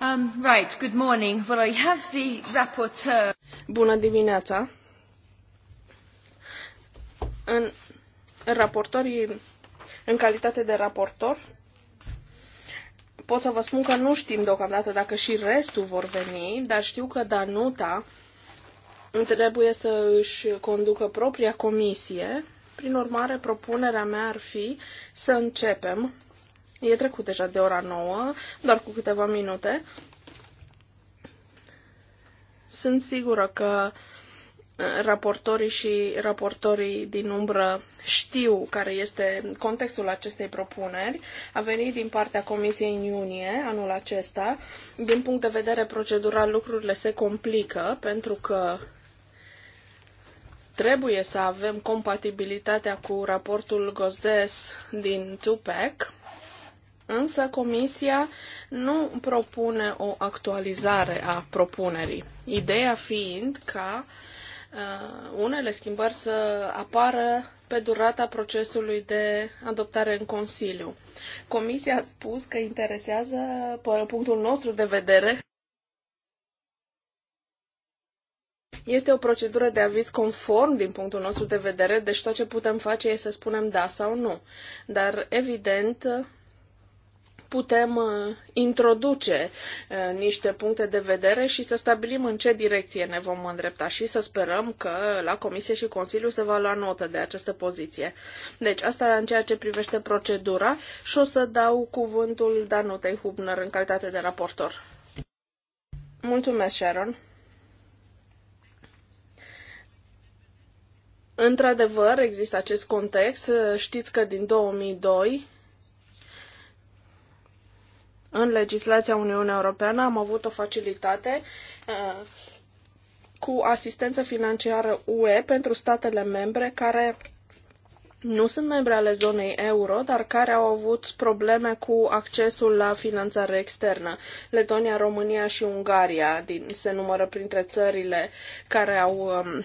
Um, right, good morning. Well, I have the rapporteur. Bună dimineața. În raportorii, în calitate de raportor, pot să vă spun că nu știm deocamdată dacă și restul vor veni, dar știu că Danuta trebuie să își conducă propria comisie. Prin urmare, propunerea mea ar fi să începem E trecut deja de ora 9, doar cu câteva minute. Sunt sigură că uh, raportorii și raportorii din umbră știu care este contextul acestei propuneri. A venit din partea Comisiei în iunie anul acesta. Din punct de vedere procedural, lucrurile se complică pentru că trebuie să avem compatibilitatea cu raportul GOZES din TUPEC Însă Comisia nu propune o actualizare a propunerii, ideea fiind ca uh, unele schimbări să apară pe durata procesului de adoptare în Consiliu. Comisia a spus că interesează, punctul nostru de vedere, Este o procedură de aviz conform din punctul nostru de vedere, deci tot ce putem face este să spunem da sau nu. Dar, evident, putem uh, introduce uh, niște puncte de vedere și să stabilim în ce direcție ne vom îndrepta și să sperăm că la Comisie și Consiliu se va lua notă de această poziție. Deci asta în ceea ce privește procedura și o să dau cuvântul Danutei Hubner în calitate de raportor. Mulțumesc, Sharon. Într-adevăr, există acest context. Știți că din 2002 în legislația Uniunii Europeană am avut o facilitate uh, cu asistență financiară UE pentru statele membre care nu sunt membre ale zonei euro, dar care au avut probleme cu accesul la finanțare externă. Letonia, România și Ungaria din, se numără printre țările care au um,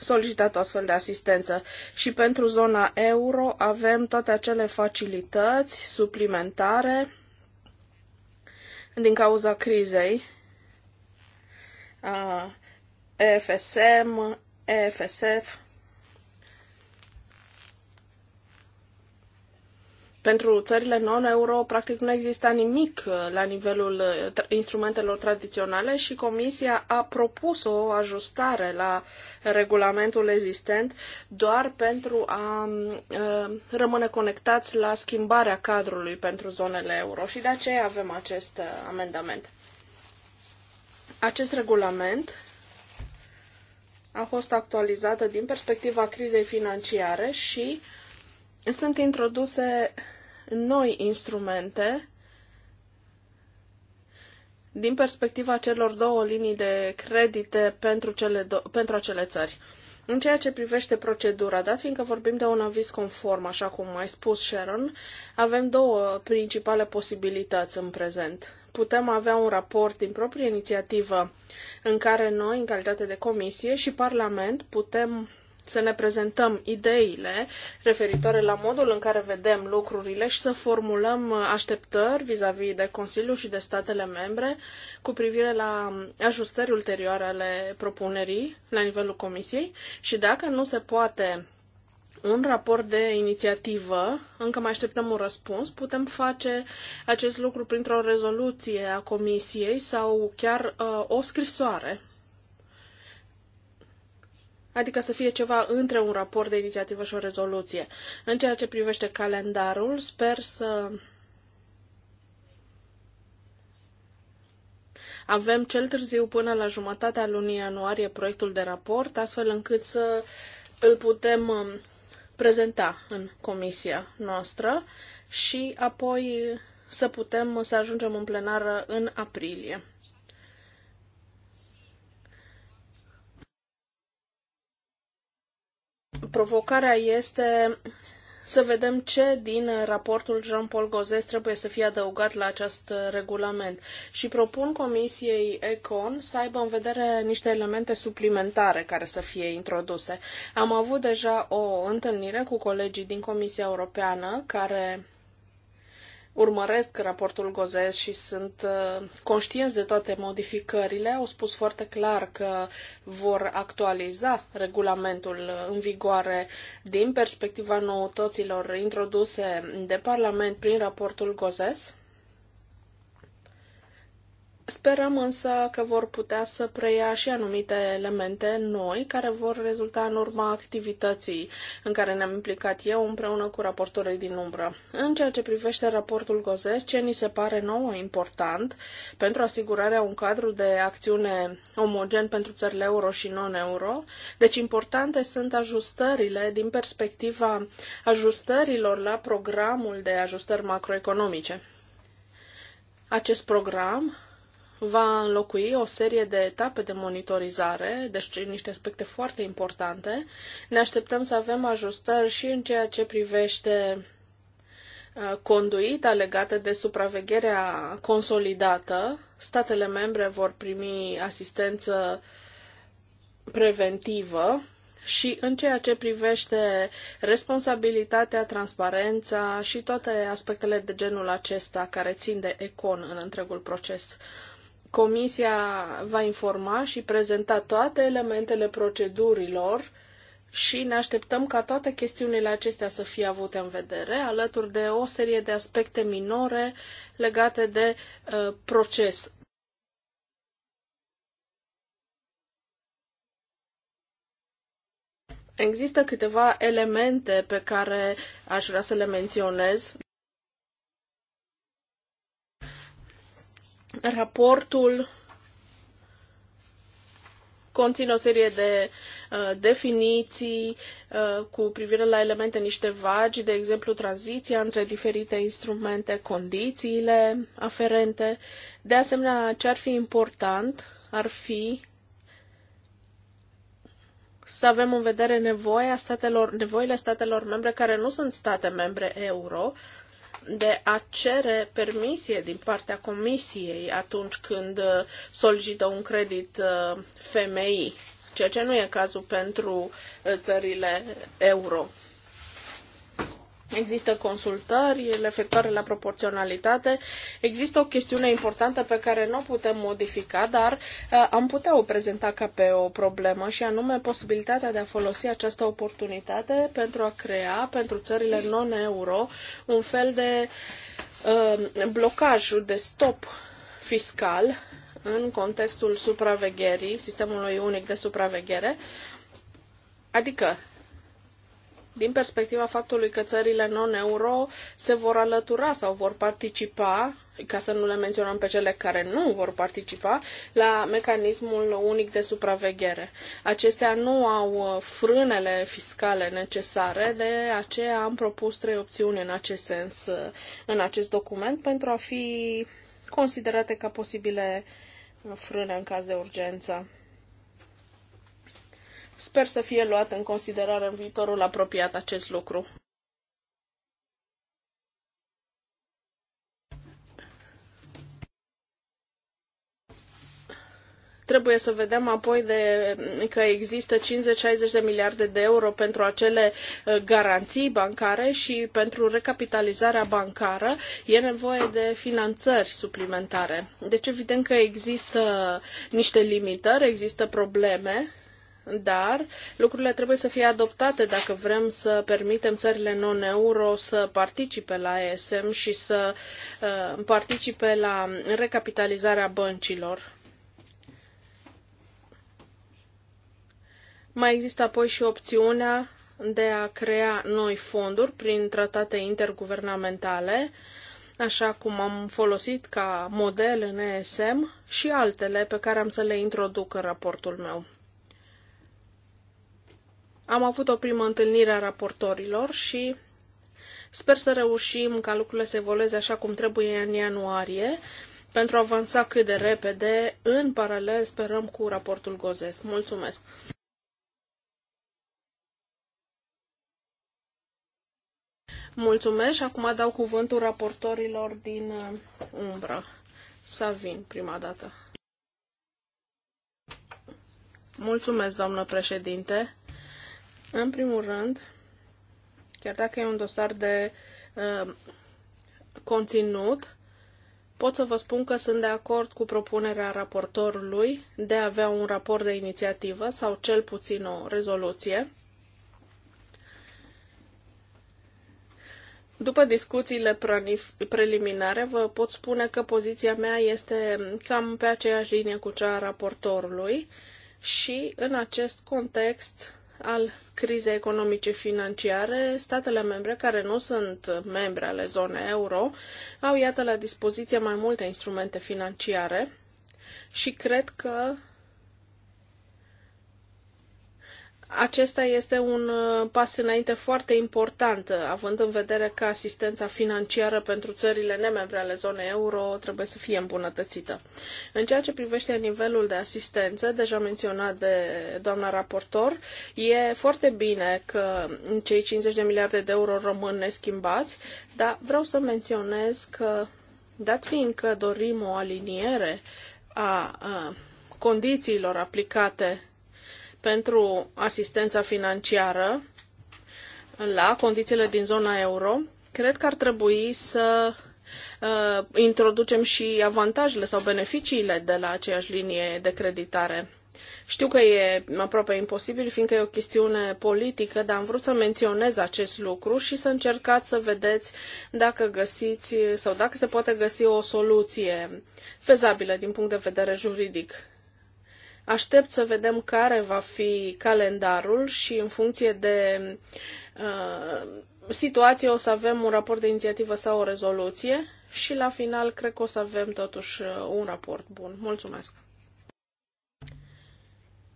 solicitat o astfel de asistență. Și pentru zona euro avem toate acele facilități suplimentare din cauza crizei. EFSM, EFSF pentru țările non-euro practic nu exista nimic uh, la nivelul uh, instrumentelor tradiționale și Comisia a propus o ajustare la regulamentul existent doar pentru a mm, uh, rămâne conectați la schimbarea cadrului pentru zonele euro și de aceea avem acest amendament. Acest regulament a fost actualizată din perspectiva crizei financiare și sunt introduse noi instrumente din perspectiva celor două linii de credite pentru, cele do- pentru acele țări. În ceea ce privește procedura, dat fiindcă vorbim de un aviz conform, așa cum ai spus Sharon, avem două principale posibilități în prezent. Putem avea un raport din proprie inițiativă în care noi, în calitate de comisie și Parlament, putem să ne prezentăm ideile referitoare la modul în care vedem lucrurile și să formulăm așteptări vis-a-vis -vis de Consiliu și de statele membre cu privire la ajustări ulterioare ale propunerii la nivelul Comisiei și dacă nu se poate un raport de inițiativă, încă mai așteptăm un răspuns, putem face acest lucru printr-o rezoluție a comisiei sau chiar uh, o scrisoare adică să fie ceva între un raport de inițiativă și o rezoluție. În ceea ce privește calendarul, sper să Avem cel târziu până la jumătatea lunii ianuarie proiectul de raport, astfel încât să îl putem um, prezenta în comisia noastră și apoi să putem să ajungem în plenară în aprilie. provocarea este să vedem ce din raportul Jean-Paul Gozes trebuie să fie adăugat la acest regulament. Și propun Comisiei Econ să aibă în vedere niște elemente suplimentare care să fie introduse. Am avut deja o întâlnire cu colegii din Comisia Europeană care urmăresc raportul Gozes și sunt uh, conștienți de toate modificările, au spus foarte clar că vor actualiza regulamentul în vigoare din perspectiva noutăților introduse de Parlament prin raportul Gozes Sperăm însă că vor putea să preia și anumite elemente noi care vor rezulta în urma activității în care ne-am implicat eu împreună cu raportorii din umbră. În ceea ce privește raportul Gozes, ce ni se pare nouă important pentru asigurarea un cadru de acțiune omogen pentru țările euro și non-euro, deci importante sunt ajustările din perspectiva ajustărilor la programul de ajustări macroeconomice. Acest program va înlocui o serie de etape de monitorizare, deci niște aspecte foarte importante. Ne așteptăm să avem ajustări și în ceea ce privește uh, conduita legată de supravegherea consolidată. Statele membre vor primi asistență preventivă și în ceea ce privește responsabilitatea, transparența și toate aspectele de genul acesta care țin de econ în întregul proces. Comisia va informa și prezenta toate elementele procedurilor și ne așteptăm ca toate chestiunile acestea să fie avute în vedere, alături de o serie de aspecte minore legate de uh, proces. Există câteva elemente pe care aș vrea să le menționez. Raportul conține o serie de uh, definiții uh, cu privire la elemente niște vagi, de exemplu tranziția între diferite instrumente, condițiile aferente. De asemenea, ce ar fi important ar fi să avem în vedere nevoia statelor, nevoile statelor membre care nu sunt state membre euro, de a cere permisie din partea comisiei atunci când uh, solicită un credit uh, FMI. ceea ce nu e cazul pentru uh, țările euro. Există consultări referitoare la proporționalitate. Există o chestiune importantă pe care nu o putem modifica, dar uh, am putea o prezenta ca pe o problemă și anume posibilitatea de a folosi această oportunitate pentru a crea pentru țările non-euro un fel de uh, blocaj, de stop fiscal în contextul supravegherii, sistemului unic de supraveghere. Adică din perspectiva faptului că țările non-euro se vor alătura sau vor participa, ca să nu le menționăm pe cele care nu vor participa, la mecanismul unic de supraveghere. Acestea nu au uh, frânele fiscale necesare, de aceea am propus trei opțiuni în acest sens, uh, în acest document, pentru a fi considerate ca posibile uh, frâne în caz de urgență. Sper să fie luat în considerare în viitorul apropiat acest lucru. Trebuie să vedem apoi de, că există 50-60 de miliarde de euro pentru acele ă, garanții bancare și pentru recapitalizarea bancară e nevoie de finanțări suplimentare. Deci evident că există niște limitări, există probleme dar lucrurile trebuie să fie adoptate dacă vrem să permitem țările non-euro să participe la ESM și să uh, participe la recapitalizarea băncilor. Mai există apoi și opțiunea de a crea noi fonduri prin tratate interguvernamentale, așa cum am folosit ca model în ESM și altele pe care am să le introduc în raportul meu. Am avut o primă întâlnire a raportorilor și sper să reușim ca lucrurile să evolueze așa cum trebuie în ianuarie pentru a avansa cât de repede. În paralel sperăm cu raportul Gozes. Mulțumesc! Mulțumesc și acum dau cuvântul raportorilor din uh, umbră. vin prima dată. Mulțumesc, doamnă președinte. În primul rând, chiar dacă e un dosar de uh, conținut, pot să vă spun că sunt de acord cu propunerea raportorului de a avea un raport de inițiativă sau cel puțin o rezoluție. După discuțiile preliminare, vă pot spune că poziția mea este cam pe aceeași linie cu cea a raportorului și, în acest context, al crizei economice financiare, statele membre care nu sunt membre ale zonei euro au, iată, la dispoziție mai multe instrumente financiare și cred că Acesta este un uh, pas înainte foarte important, uh, având în vedere că asistența financiară pentru țările nemembre ale zonei euro trebuie să fie îmbunătățită. În ceea ce privește nivelul de asistență, deja menționat de doamna raportor, e foarte bine că cei 50 de miliarde de euro rămân neschimbați, dar vreau să menționez că, dat fiind că dorim o aliniere a, a condițiilor aplicate pentru asistența financiară la condițiile din zona euro, cred că ar trebui să uh, introducem și avantajele sau beneficiile de la aceeași linie de creditare. Știu că e aproape imposibil, fiindcă e o chestiune politică, dar am vrut să menționez acest lucru și să încercați să vedeți dacă găsiți sau dacă se poate găsi o soluție fezabilă din punct de vedere juridic. Aștept să vedem care va fi calendarul și în funcție de uh, situație o să avem un raport de inițiativă sau o rezoluție și la final cred că o să avem totuși uh, un raport bun. Mulțumesc!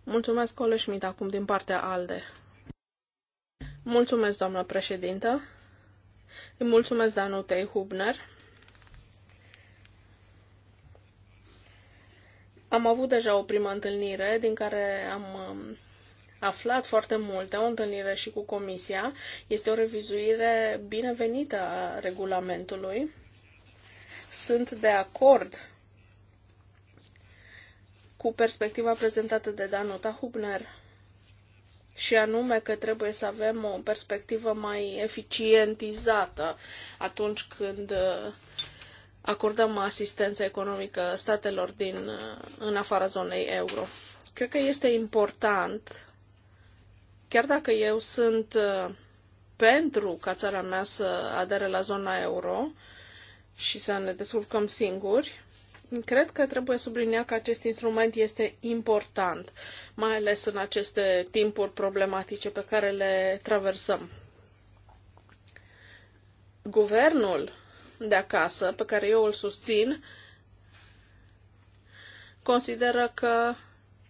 Mulțumesc, Coleșmit, acum din partea ALDE. Mulțumesc, doamnă președintă. Îi mulțumesc Danutei Hubner Am avut deja o primă întâlnire din care am um, aflat foarte multe, o întâlnire și cu Comisia. Este o revizuire binevenită a regulamentului. Sunt de acord cu perspectiva prezentată de Danuta Hubner și anume că trebuie să avem o perspectivă mai eficientizată atunci când uh, acordăm asistență economică statelor din, uh, în afara zonei euro. Cred că este important, chiar dacă eu sunt uh, pentru ca țara mea să adere la zona euro și să ne descurcăm singuri, cred că trebuie subliniat că acest instrument este important, mai ales în aceste timpuri problematice pe care le traversăm. Guvernul de acasă, pe care eu îl susțin, consideră că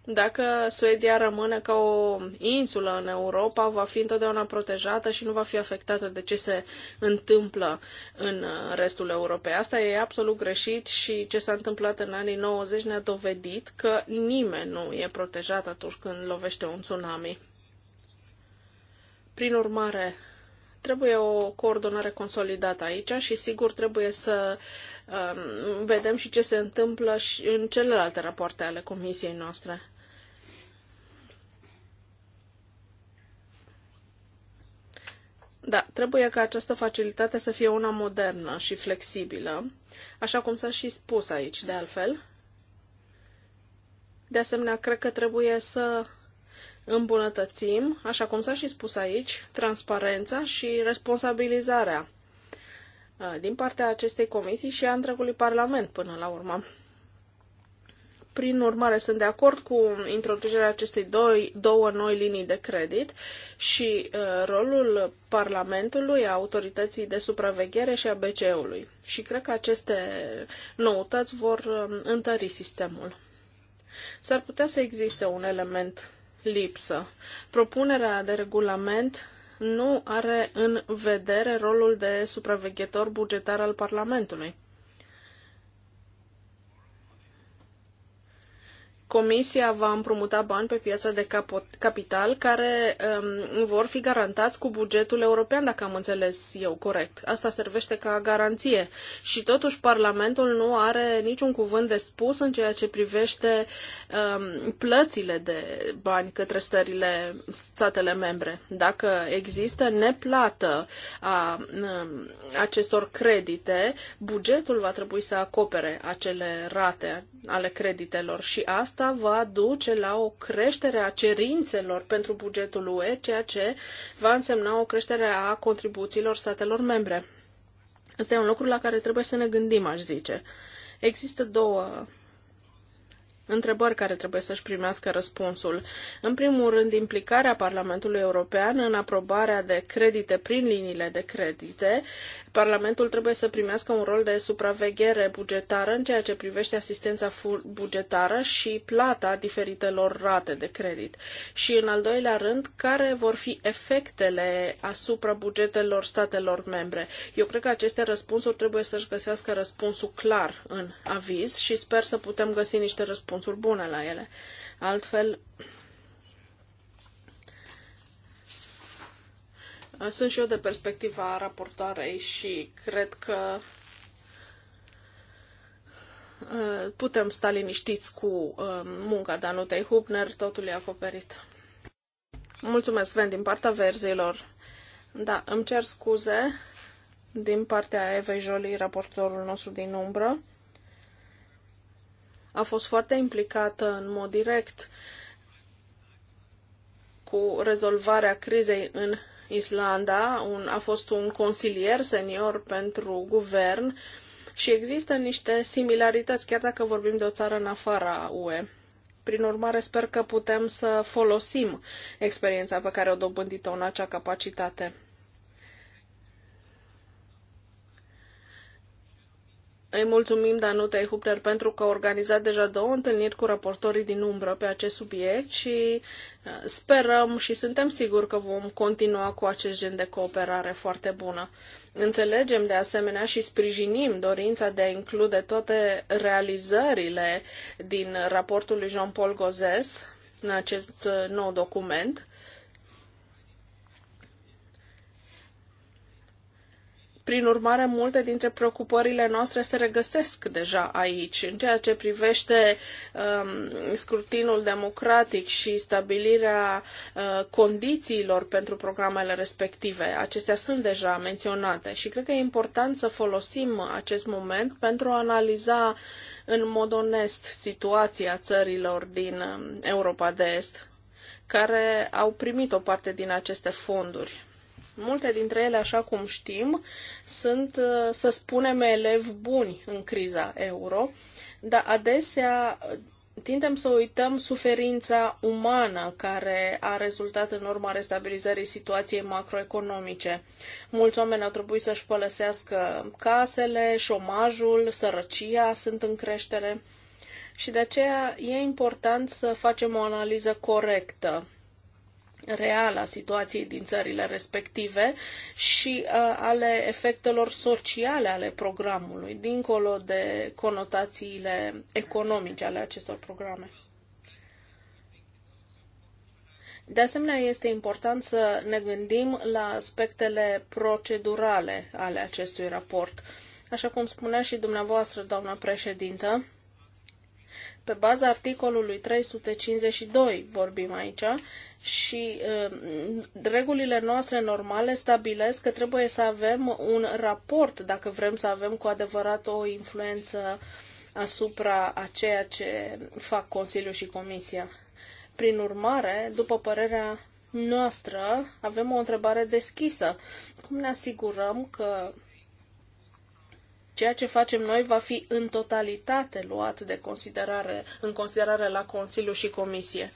dacă Suedia rămâne ca o insulă în Europa, va fi întotdeauna protejată și nu va fi afectată de ce se întâmplă în restul Europei. Asta e absolut greșit și ce s-a întâmplat în anii 90 ne-a dovedit că nimeni nu e protejat atunci când lovește un tsunami. Prin urmare, Trebuie o coordonare consolidată aici și sigur trebuie să um, vedem și ce se întâmplă și în celelalte rapoarte ale comisiei noastre. Da, trebuie ca această facilitate să fie una modernă și flexibilă, așa cum s-a și spus aici, de altfel. De asemenea, cred că trebuie să îmbunătățim, așa cum s-a și spus aici, transparența și responsabilizarea uh, din partea acestei comisii și a întregului Parlament până la urmă. Prin urmare, sunt de acord cu introducerea acestei doi, două noi linii de credit și uh, rolul Parlamentului, a autorității de supraveghere și a BCE-ului. Și cred că aceste noutăți vor uh, întări sistemul. S-ar putea să existe un element lipsă. Propunerea de regulament nu are în vedere rolul de supraveghetor bugetar al Parlamentului. Comisia va împrumuta bani pe piața de capital care um, vor fi garantați cu bugetul european, dacă am înțeles eu corect. Asta servește ca garanție. Și totuși Parlamentul nu are niciun cuvânt de spus în ceea ce privește um, plățile de bani către stările, statele membre. Dacă există neplată a um, acestor credite, bugetul va trebui să acopere acele rate ale creditelor și asta asta va duce la o creștere a cerințelor pentru bugetul UE, ceea ce va însemna o creștere a contribuțiilor statelor membre. Asta e un lucru la care trebuie să ne gândim, aș zice. Există două întrebări care trebuie să-și primească răspunsul. În primul rând, implicarea Parlamentului European în aprobarea de credite prin liniile de credite. Parlamentul trebuie să primească un rol de supraveghere bugetară în ceea ce privește asistența bugetară și plata diferitelor rate de credit. Și, în al doilea rând, care vor fi efectele asupra bugetelor statelor membre. Eu cred că aceste răspunsuri trebuie să-și găsească răspunsul clar în aviz și sper să putem găsi niște răspunsuri răspunsuri bune la ele. Altfel, sunt și eu de perspectiva raportoarei și cred că uh, putem sta liniștiți cu uh, munca Danutei Hubner, totul e acoperit. Mulțumesc, Sven, din partea verzilor. Da, îmi cer scuze din partea Evei Jolie, raportorul nostru din umbră a fost foarte implicată în mod direct cu rezolvarea crizei în Islanda, un, a fost un consilier senior pentru guvern și există niște similarități, chiar dacă vorbim de o țară în afara UE. Prin urmare, sper că putem să folosim experiența pe care o dobândită în acea capacitate. Îi mulțumim Danuta Hupler, pentru că a organizat deja două întâlniri cu raportorii din umbră pe acest subiect și uh, sperăm și suntem siguri că vom continua cu acest gen de cooperare foarte bună. Înțelegem de asemenea și sprijinim dorința de a include toate realizările din raportul lui Jean-Paul Gozes în acest uh, nou document Prin urmare, multe dintre preocupările noastre se regăsesc deja aici. În ceea ce privește um, scrutinul democratic și stabilirea uh, condițiilor pentru programele respective, acestea sunt deja menționate și cred că e important să folosim acest moment pentru a analiza în mod onest situația țărilor din um, Europa de Est care au primit o parte din aceste fonduri Multe dintre ele, așa cum știm, sunt, uh, să spunem, elevi buni în criza euro, dar adesea uh, tindem să uităm suferința umană care a rezultat în urma restabilizării situației macroeconomice. Mulți oameni au trebuit să-și părăsească casele, șomajul, sărăcia sunt în creștere și de aceea e important să facem o analiză corectă reală a situației din țările respective și uh, ale efectelor sociale ale programului, dincolo de conotațiile economice ale acestor programe. De asemenea, este important să ne gândim la aspectele procedurale ale acestui raport. Așa cum spunea și dumneavoastră, doamna președintă, pe baza articolului 352 vorbim aici și uh, regulile noastre normale stabilesc că trebuie să avem un raport dacă vrem să avem cu adevărat o influență asupra a ceea ce fac Consiliul și Comisia. Prin urmare, după părerea noastră, avem o întrebare deschisă. Cum ne asigurăm că ceea ce facem noi va fi în totalitate luat de considerare, în considerare la Consiliu și Comisie.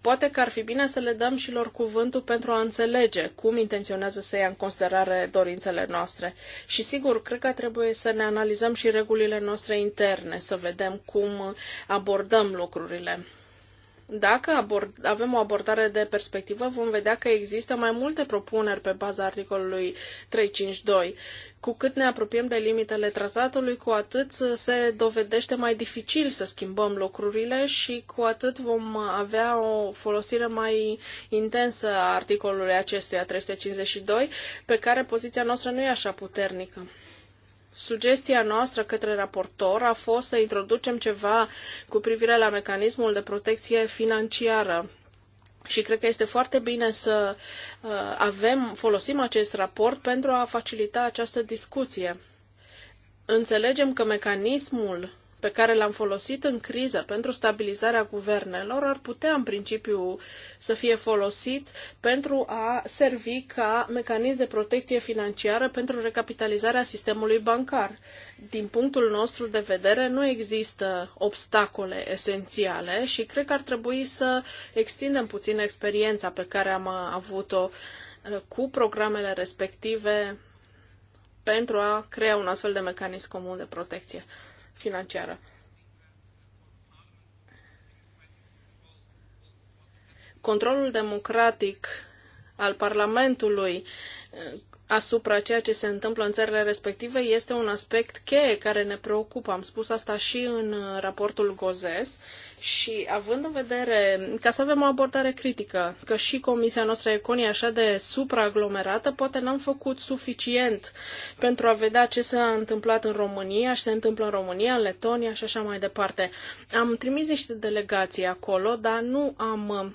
Poate că ar fi bine să le dăm și lor cuvântul pentru a înțelege cum intenționează să ia în considerare dorințele noastre. Și sigur, cred că trebuie să ne analizăm și regulile noastre interne, să vedem cum abordăm lucrurile. Dacă abord, avem o abordare de perspectivă, vom vedea că există mai multe propuneri pe baza articolului 352. Cu cât ne apropiem de limitele tratatului, cu atât se dovedește mai dificil să schimbăm lucrurile și cu atât vom avea o folosire mai intensă a articolului acestuia 352, pe care poziția noastră nu e așa puternică. Sugestia noastră către raportor a fost să introducem ceva cu privire la mecanismul de protecție financiară și cred că este foarte bine să uh, avem, folosim acest raport pentru a facilita această discuție. Înțelegem că mecanismul pe care l-am folosit în criză pentru stabilizarea guvernelor ar putea în principiu să fie folosit pentru a servi ca mecanism de protecție financiară pentru recapitalizarea sistemului bancar. Din punctul nostru de vedere, nu există obstacole esențiale și cred că ar trebui să extindem puțin experiența pe care am avut-o uh, cu programele respective pentru a crea un astfel de mecanism comun de protecție financiară. Controlul democratic al Parlamentului asupra ceea ce se întâmplă în țările respective este un aspect cheie care ne preocupă. Am spus asta și în raportul Gozes și având în vedere, ca să avem o abordare critică, că și comisia noastră Econi e așa de supraaglomerată, poate n-am făcut suficient pentru a vedea ce s-a întâmplat în România și se întâmplă în România, în Letonia și așa mai departe. Am trimis niște delegații acolo, dar nu am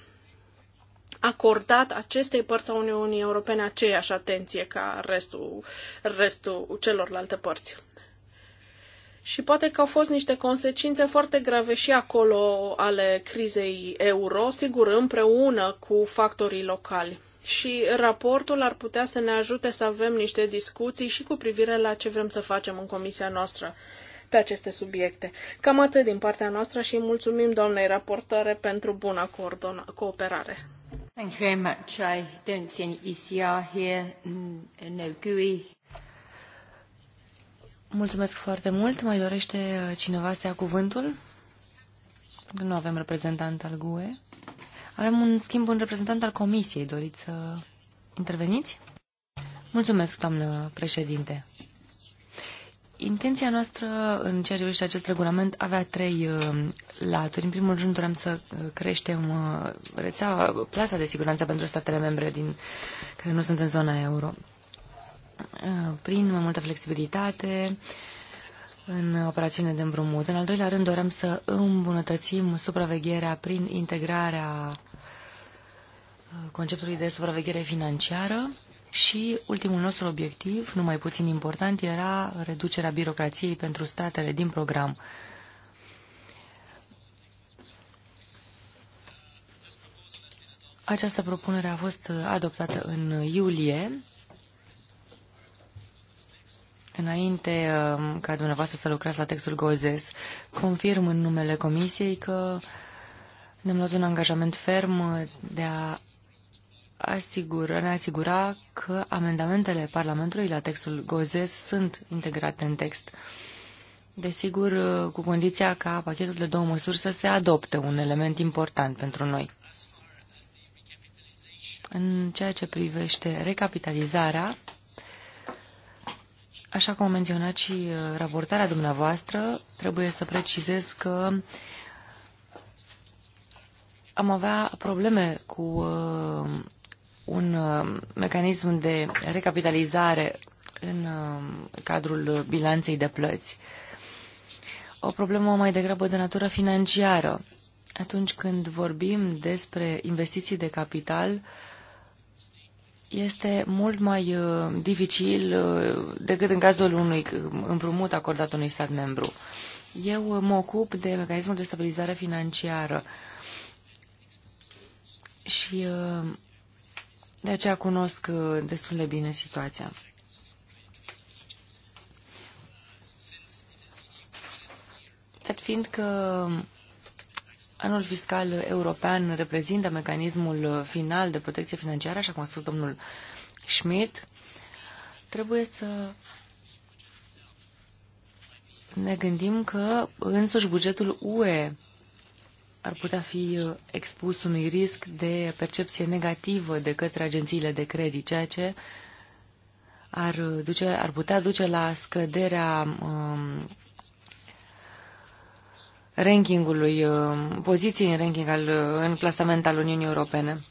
acordat acestei părți a Uniunii Europene aceeași atenție ca restul, restul celorlalte părți. Și poate că au fost niște consecințe foarte grave și acolo ale crizei euro, sigur împreună cu factorii locali și raportul ar putea să ne ajute să avem niște discuții și cu privire la ce vrem să facem în comisia noastră pe aceste subiecte. Cam atât din partea noastră și mulțumim doamnei raportoare pentru buna cooperare. Thank you very much. I don't see any ECR here, no GUI. Mulțumesc foarte mult. Mai dorește uh, cineva să ia cuvântul? Nu avem reprezentant al GUE. Avem un schimb un reprezentant al Comisiei. Doriți să interveniți? Mulțumesc, doamnă președinte. Intenția noastră în ceea ce privește acest regulament avea trei uh, laturi. În primul rând doream să uh, creștem uh, rețeaua, plasa de siguranță pentru statele membre din, care nu sunt în zona euro. Uh, prin mai multă flexibilitate în operațiune de împrumut. În al doilea rând doream să îmbunătățim supravegherea prin integrarea uh, conceptului de supraveghere financiară și ultimul nostru obiectiv, nu mai puțin important, era reducerea birocrației pentru statele din program. Această propunere a fost adoptată în iulie, înainte um, ca dumneavoastră să lucrați la textul GOZES. Confirm în numele Comisiei că ne-am luat un angajament ferm de a asigură, ne asigura că amendamentele Parlamentului la textul Gozes sunt integrate în text. Desigur, cu condiția ca pachetul de două măsuri să se adopte un element important pentru noi. În ceea ce privește recapitalizarea, așa cum a menționat și uh, raportarea dumneavoastră, trebuie să precizez că am avea probleme cu uh, un uh, mecanism de recapitalizare în uh, cadrul bilanței de plăți. O problemă mai degrabă de natură financiară. Atunci când vorbim despre investiții de capital, este mult mai uh, dificil decât în cazul unui împrumut acordat unui stat membru. Eu mă ocup de mecanismul de stabilizare financiară și uh, de aceea cunosc uh, destul de bine situația. Dat fiind că anul fiscal european reprezintă mecanismul final de protecție financiară, așa cum a spus domnul Schmidt, trebuie să ne gândim că însuși bugetul UE ar putea fi uh, expus unui risc de percepție negativă de către agențiile de credit, ceea ce ar, uh, duce, ar putea duce la scăderea um, rankingului, um, poziției în ranking al, uh, în plasament al Uniunii Europene.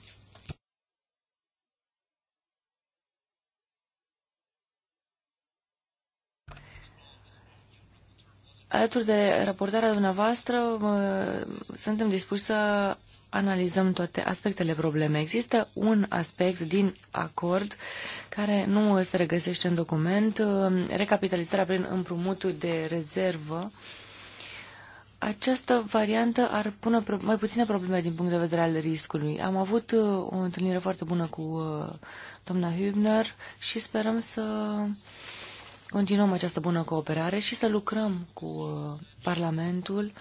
Alături de raportarea dumneavoastră, suntem dispuși să analizăm toate aspectele problemei. Există un aspect din acord care nu se regăsește în document, recapitalizarea prin împrumutul de rezervă. Această variantă ar pune mai puține probleme din punct de vedere al riscului. Am avut uh, o întâlnire foarte bună cu uh, doamna Hübner și sperăm să continuăm această bună cooperare și să lucrăm cu uh, Parlamentul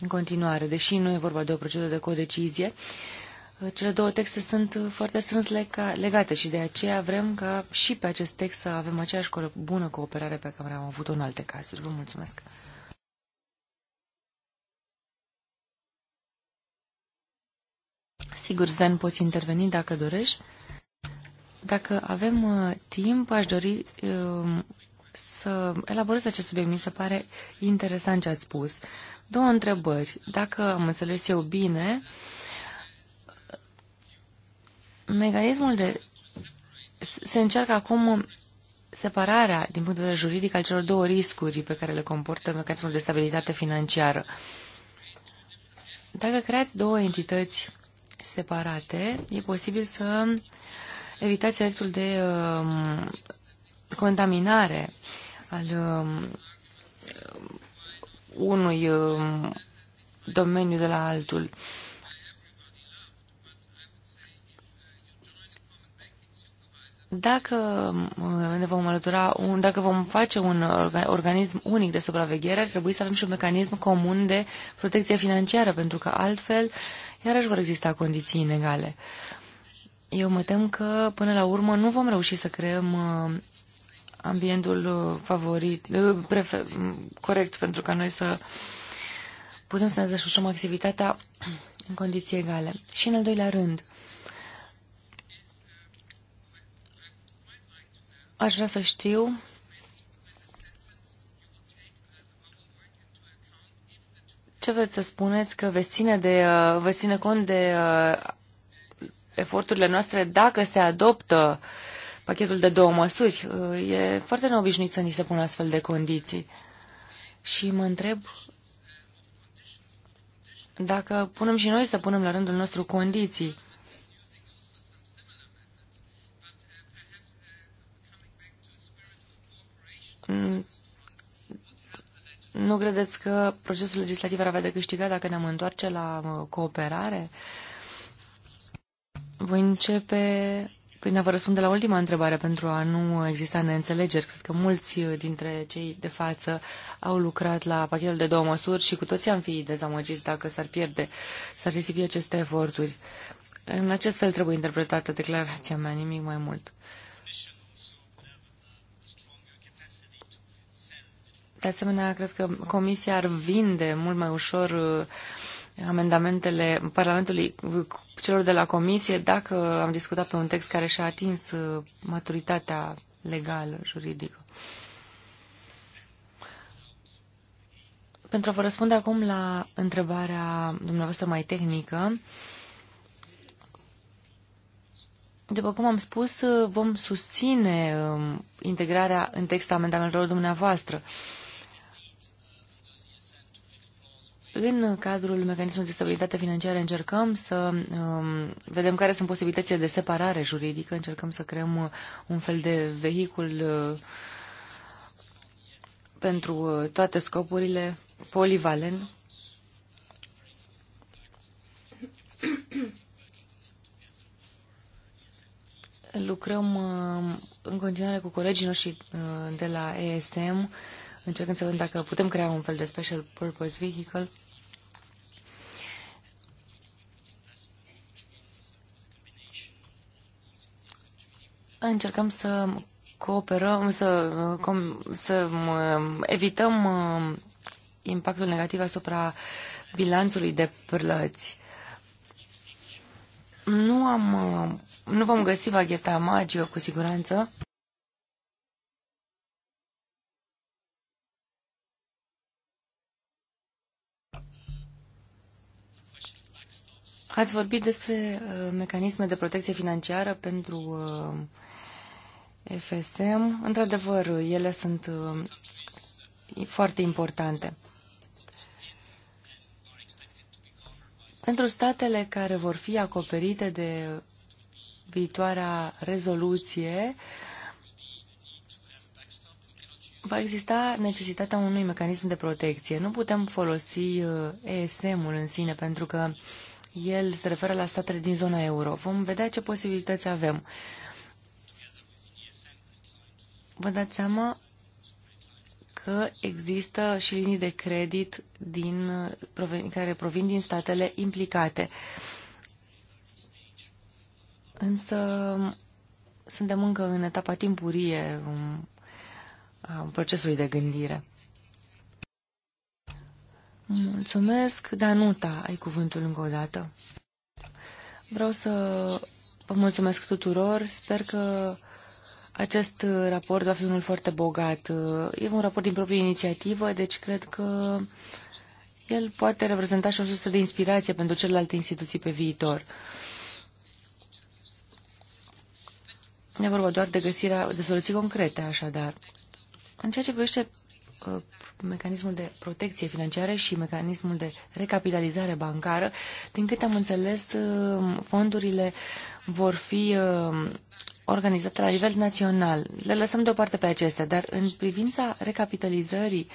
în continuare, deși nu e vorba de o procedură de codecizie. Uh, cele două texte sunt uh, foarte strâns legate și de aceea vrem ca și pe acest text să avem aceeași bună cooperare pe care am avut-o în alte cazuri. Vă mulțumesc! Sigur, Sven, poți interveni dacă dorești. Dacă avem uh, timp, aș dori uh, să elaborez acest subiect. Mi se pare interesant ce ați spus. Două întrebări. Dacă am înțeles eu bine, mecanismul de... Se încearcă acum separarea, din punct de vedere juridic, al celor două riscuri pe care le comportă mecanismul de stabilitate financiară. Dacă creați două entități separate, e posibil să evitați efectul de um, contaminare al um, unui um, domeniu de la altul. Dacă um, ne vom alătura, dacă vom face un organism unic de supraveghere, ar trebui să avem și un mecanism comun de protecție financiară, pentru că altfel iarăși vor exista condiții inegale. Eu mă tem că până la urmă nu vom reuși să creăm ambientul uh, favorit, uh, prefer, corect pentru ca noi să putem să ne desfășurăm activitatea în condiții egale. Și în al doilea rând, aș vrea să știu ce vreți să spuneți că veți ține, de, uh, veți ține cont de eforturile noastre dacă se adoptă uh, pachetul de două măsuri. Uh, e foarte neobișnuit să ni se pună astfel de condiții. Și mă întreb dacă punem și noi să punem la rândul nostru condiții. Mm, nu credeți că procesul legislativ ar avea de câștigat dacă ne-am întoarce la uh, cooperare? Voi începe Păi ne vă de la ultima întrebare pentru a nu exista neînțelegeri. Cred că mulți uh, dintre cei de față au lucrat la pachetul de două măsuri și cu toții am fi dezamăgiți dacă s-ar pierde, s-ar risipi aceste eforturi. În acest fel trebuie interpretată declarația mea, nimic mai mult. De asemenea, cred că Comisia ar vinde mult mai ușor uh, amendamentele Parlamentului celor de la Comisie dacă am discutat pe un text care și-a atins uh, maturitatea legală, juridică. Pentru a vă răspunde acum la întrebarea dumneavoastră mai tehnică, după cum am spus, uh, vom susține um, integrarea în text a amendamentelor dumneavoastră. În cadrul mecanismului de stabilitate financiară încercăm să um, vedem care sunt posibilitățile de separare juridică, încercăm să creăm uh, un fel de vehicul uh, pentru uh, toate scopurile, polivalent. Lucrăm uh, în continuare cu colegii noștri uh, de la ESM, încercând să vedem dacă putem crea un fel de special purpose vehicle. încercăm să cooperăm, să, să um, evităm um, impactul negativ asupra bilanțului de plăți. Nu, am, um, nu vom găsi bagheta magică cu siguranță. Ați vorbit despre uh, mecanisme de protecție financiară pentru uh, FSM. Într-adevăr, ele sunt uh, foarte importante. Pentru statele care vor fi acoperite de viitoarea rezoluție, va exista necesitatea unui mecanism de protecție. Nu putem folosi uh, ESM-ul în sine, pentru că el se referă la statele din zona euro. Vom vedea ce posibilități avem. Uh, vă dați seama că există și linii de credit din, care provin din statele implicate. Însă suntem încă în etapa timpurie um, a procesului de gândire. Mulțumesc, Danuta, ai cuvântul încă o dată. Vreau să vă mulțumesc tuturor, sper că acest uh, raport va fi unul foarte bogat. Uh, e un raport din proprie inițiativă, deci cred că el poate reprezenta și o sursă de inspirație pentru celelalte instituții pe viitor. E vorba doar de găsirea de soluții concrete, așadar. În ceea ce privește uh, mecanismul de protecție financiară și mecanismul de recapitalizare bancară, din câte am înțeles, fondurile vor fi uh, organizate la nivel național. Le lăsăm deoparte pe acestea, dar în privința recapitalizării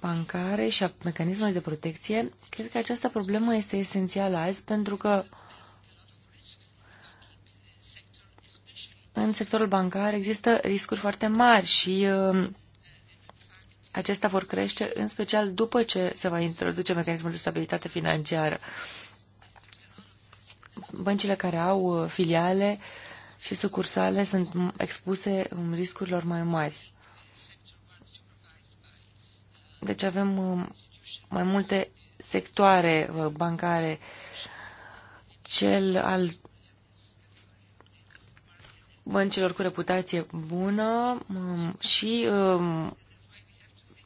bancare și a mecanismului de protecție, cred că această problemă este esențială azi pentru că în sectorul bancar există riscuri foarte mari și uh, acestea vor crește, în special după ce se va introduce mecanismul de stabilitate financiară. Uh, băncile care au uh, filiale și sucursale sunt expuse um, riscurilor mai mari. Deci avem um, mai multe sectoare uh, bancare. Cel al băncilor cu reputație bună um, și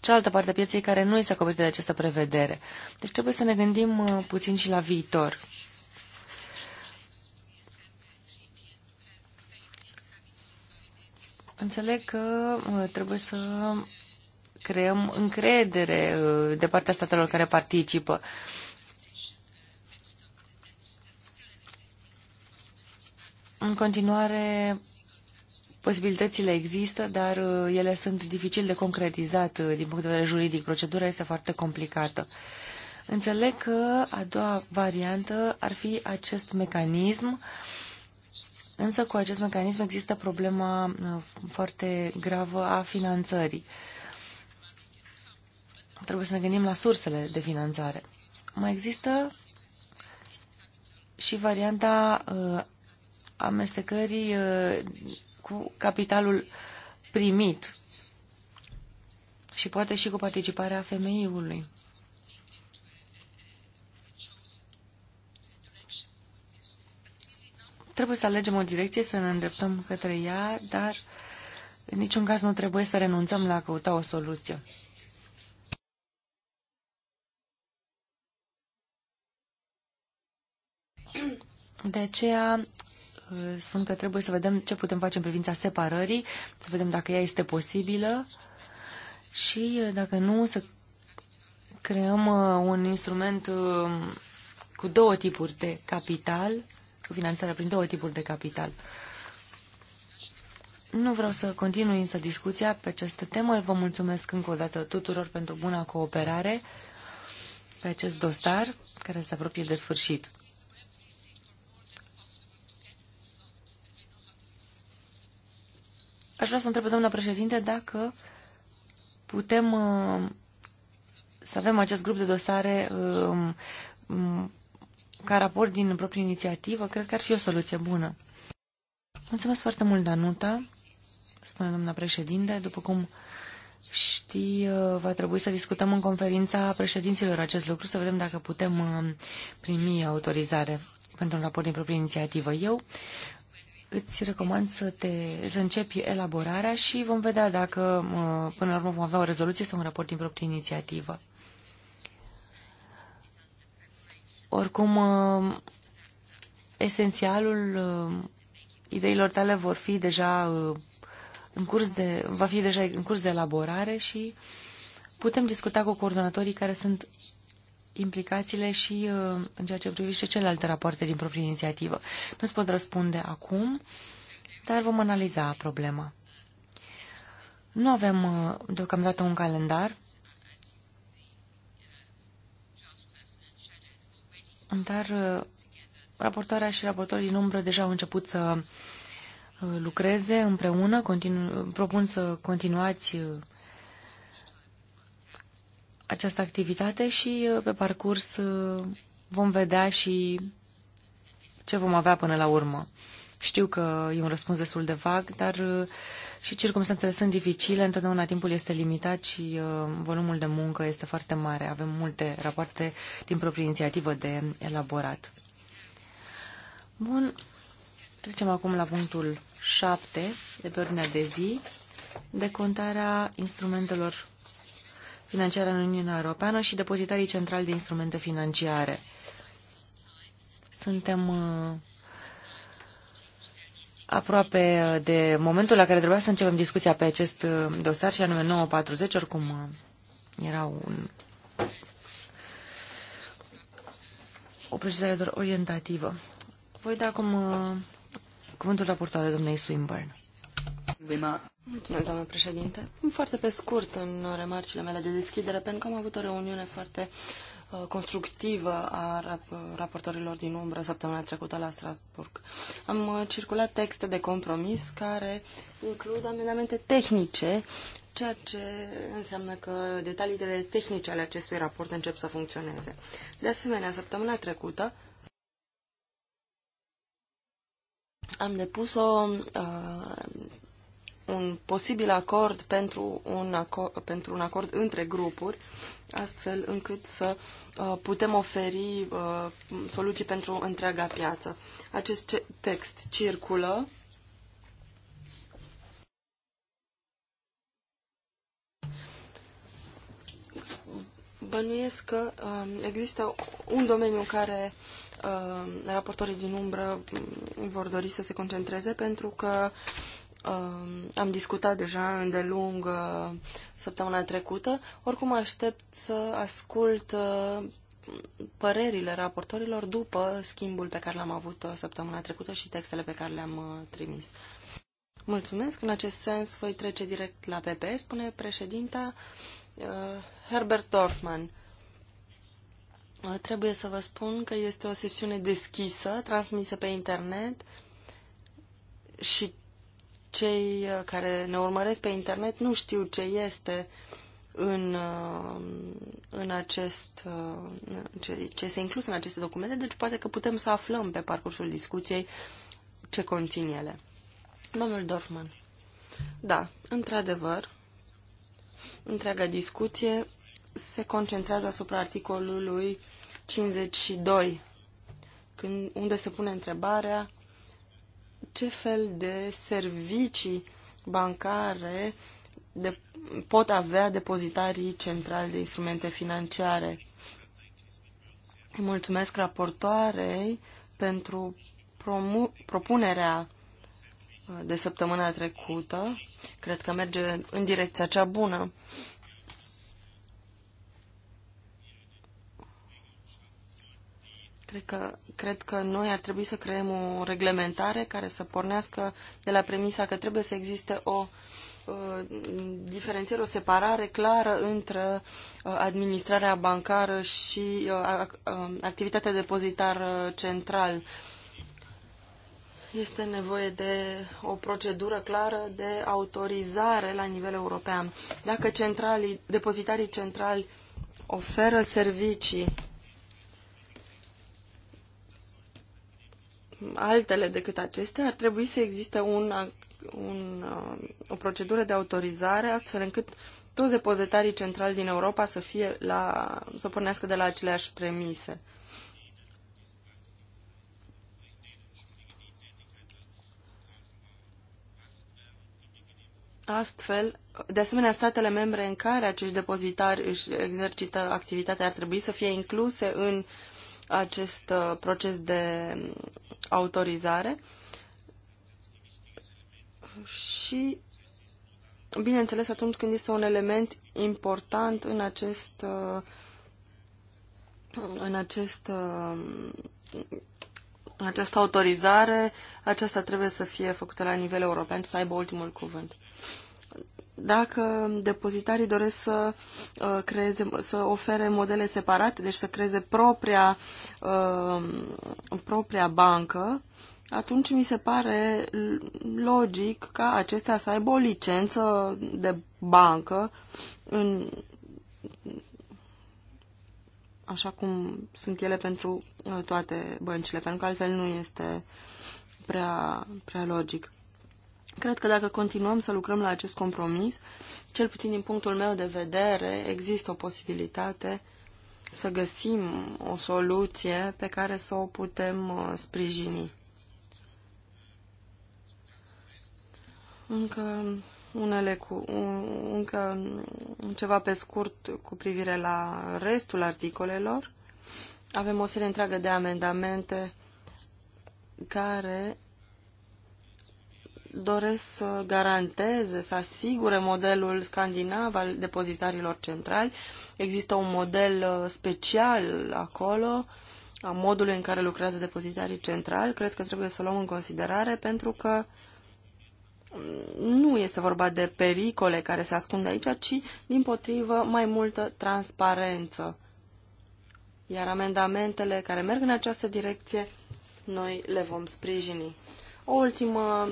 cealaltă parte a pieței care nu este acoperită de această prevedere. Deci trebuie să ne gândim uh, puțin și la viitor. Înțeleg că uh, trebuie să creăm încredere uh, de partea statelor care participă. În continuare, posibilitățile există, dar uh, ele sunt dificil de concretizat din punct de vedere juridic. Procedura este foarte complicată. Înțeleg că a doua variantă ar fi acest mecanism uh, Însă cu acest mecanism există problema uh, foarte gravă a finanțării. Trebuie să ne gândim la sursele de finanțare. Mai există și varianta uh, amestecării uh, cu capitalul primit și poate și cu participarea femeiului. Trebuie să alegem o direcție, să ne îndreptăm către ea, dar în niciun caz nu trebuie să renunțăm la a căuta o soluție. De aceea spun că trebuie să vedem ce putem face în privința separării, să vedem dacă ea este posibilă și dacă nu, să creăm uh, un instrument uh, cu două tipuri de capital finanțarea prin două tipuri de capital. Nu vreau să continui însă discuția pe această temă. Vă mulțumesc încă o dată tuturor pentru buna cooperare pe acest dosar care se apropie de sfârșit. Aș vrea să întreb, doamna președinte, dacă putem uh, să avem acest grup de dosare uh, ca raport din proprie inițiativă, cred că ar fi o soluție bună. Mulțumesc foarte mult, Danuta, spune doamna președinte. După cum știi, uh, va trebui să discutăm în conferința președinților acest lucru, să vedem dacă putem uh, primi autorizare pentru un raport din proprie inițiativă. Eu îți recomand să, te, să începi elaborarea și vom vedea dacă uh, până la urmă vom avea o rezoluție sau un raport din proprie inițiativă. Oricum, uh, esențialul uh, ideilor tale vor fi deja uh, în curs de, va fi deja în curs de elaborare și putem discuta cu coordonatorii care sunt implicațiile și în ceea ce privește celelalte rapoarte din proprie inițiativă. Nu-ți pot răspunde acum, dar vom analiza problema. Nu avem deocamdată un calendar Dar uh, raportarea și raportorii în umbră deja au început să uh, lucreze împreună. Continu, propun să continuați uh, această activitate și pe parcurs vom vedea și ce vom avea până la urmă. Știu că e un răspuns destul de vag, dar și circumstanțele sunt dificile, întotdeauna timpul este limitat și uh, volumul de muncă este foarte mare. Avem multe rapoarte din proprie inițiativă de elaborat. Bun, trecem acum la punctul 7 de pe ordinea de zi, decontarea instrumentelor financiare în Uniunea Europeană și depozitarii centrali de instrumente financiare. Suntem uh, aproape uh, de momentul la care trebuia să începem discuția pe acest uh, dosar și anume 9.40, oricum uh, era un, o precizare doar orientativă. Voi da acum cuvântul raportoare domnei Swinburne. Mulțumesc, doamnă președinte. Foarte pe scurt în remarcile mele de deschidere, pentru că am avut o reuniune foarte Uh, constructivă a raportorilor din umbră săptămâna trecută la Strasburg. Am uh, circulat texte de compromis care includ amendamente tehnice, ceea ce înseamnă că detaliile tehnice ale acestui raport încep să funcționeze. De asemenea, săptămâna trecută am depus o uh, un posibil acord pentru un acord, pentru un acord între grupuri, astfel încât să uh, putem oferi uh, soluții pentru întreaga piață. Acest text circulă. Bănuiesc că um, există un domeniu în care um, raportorii din umbră um, vor dori să se concentreze pentru că am discutat deja îndelung uh, săptămâna trecută. Oricum aștept să ascult uh, părerile raportorilor după schimbul pe care l-am avut uh, săptămâna trecută și textele pe care le-am trimis. Mulțumesc. În acest sens voi trece direct la PP, spune președinta Herbert Dorfman. Trebuie să vă spun că este o sesiune deschisă, transmisă pe internet și cei uh, care ne urmăresc pe internet nu știu ce este în, uh, în acest, uh, ce, ce se inclus în aceste documente, deci poate că putem să aflăm pe parcursul discuției ce conțin ele. Domnul Dorfman. Da, într-adevăr, întreaga discuție se concentrează asupra articolului 52, când, unde se pune întrebarea ce fel de servicii bancare de, pot avea depozitarii centrali de instrumente financiare. Mulțumesc raportoarei pentru propunerea uh, de săptămâna trecută. Cred că merge în direcția cea bună. Cred că, cred că noi ar trebui să creăm o reglementare care să pornească de la premisa că trebuie să existe o uh, diferențiere, o separare clară între uh, administrarea bancară și uh, activitatea depozitar central. Este nevoie de o procedură clară de autorizare la nivel european. Dacă centralii, depozitarii centrali oferă servicii altele decât acestea, ar trebui să existe un, un, uh, o procedură de autorizare astfel încât toți depozitarii centrali din Europa să, fie la, să pornească de la aceleași premise. Astfel, de asemenea, statele membre în care acești depozitari își exercită activitatea ar trebui să fie incluse în uh, acest uh, proces de mm, autorizare și, bineînțeles, atunci când este un element important în acest, uh, în acest uh, în această autorizare, aceasta trebuie să fie făcută la nivel european și să aibă ultimul cuvânt dacă depozitarii doresc să, uh, creeze, să ofere modele separate, deci să creeze propria, uh, propria bancă, atunci mi se pare logic ca acestea să aibă o licență de bancă în, așa cum sunt ele pentru uh, toate băncile, pentru că altfel nu este prea, prea logic. Cred că dacă continuăm să lucrăm la acest compromis, cel puțin din punctul meu de vedere, există o posibilitate să găsim o soluție pe care să o putem uh, sprijini. Încă unele cu, încă ceva pe scurt cu privire la restul articolelor. Avem o serie întreagă de amendamente care doresc să garanteze, să asigure modelul scandinav al depozitarilor centrali. Există un model uh, special acolo a modului în care lucrează depozitarii centrali. Cred că trebuie să o luăm în considerare pentru că mm, nu este vorba de pericole care se ascund aici, ci din potrivă mai multă transparență. Iar amendamentele care merg în această direcție, noi le vom sprijini. O ultimă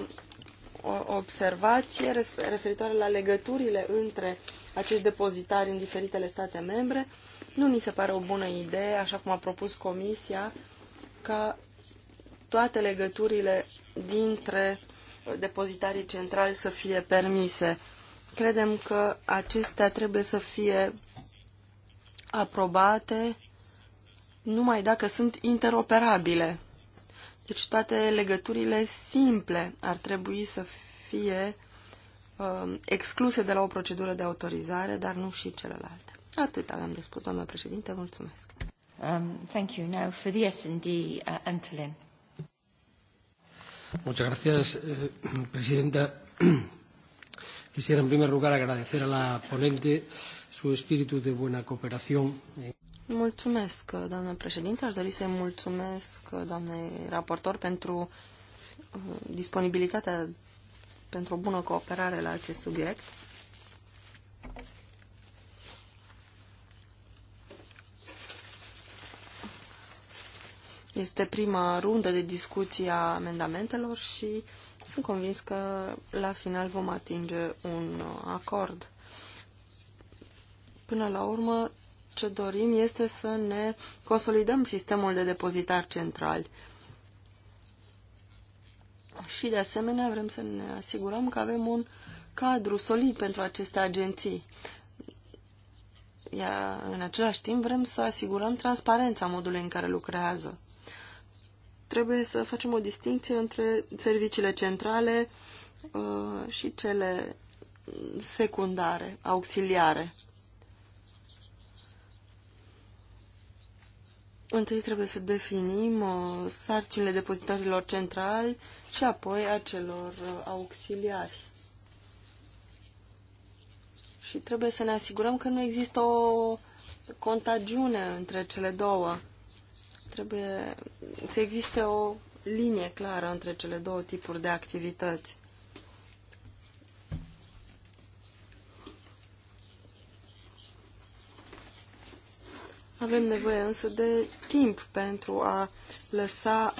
o observație referitoare la legăturile între acești depozitari în diferitele state membre. Nu ni se pare o bună idee, așa cum a propus Comisia, ca toate legăturile dintre depozitarii centrali să fie permise. Credem că acestea trebuie să fie aprobate numai dacă sunt interoperabile. Deci toate legăturile simple ar trebui să fie uh, excluse de la o procedură de autorizare, dar nu și celelalte. Atât am de spus, doamnă președinte, mulțumesc. Um, thank you. Now for the S&D, uh, Antolin. Muchas gracias, eh, Presidenta. Quisiera en primer lugar agradecer a la ponente su espíritu de buena cooperación. Mulțumesc, doamnă președinte. Aș dori să-i mulțumesc, doamnei raportor, pentru uh, disponibilitatea pentru o bună cooperare la acest subiect. Este prima rundă de discuții a amendamentelor și sunt convins că la final vom atinge un uh, acord. Până la urmă, ce dorim este să ne consolidăm sistemul de depozitar central. Și, de asemenea, vrem să ne asigurăm că avem un cadru solid pentru aceste agenții. Iar, în același timp, vrem să asigurăm transparența modului în care lucrează. Trebuie să facem o distinție între serviciile centrale uh, și cele secundare, auxiliare. Întâi trebuie să definim uh, sarcinile depozitarilor centrali și apoi a celor uh, auxiliari. Și trebuie să ne asigurăm că nu există o contagiune între cele două. Trebuie să existe o linie clară între cele două tipuri de activități. Avem nevoie însă de timp pentru a lăsa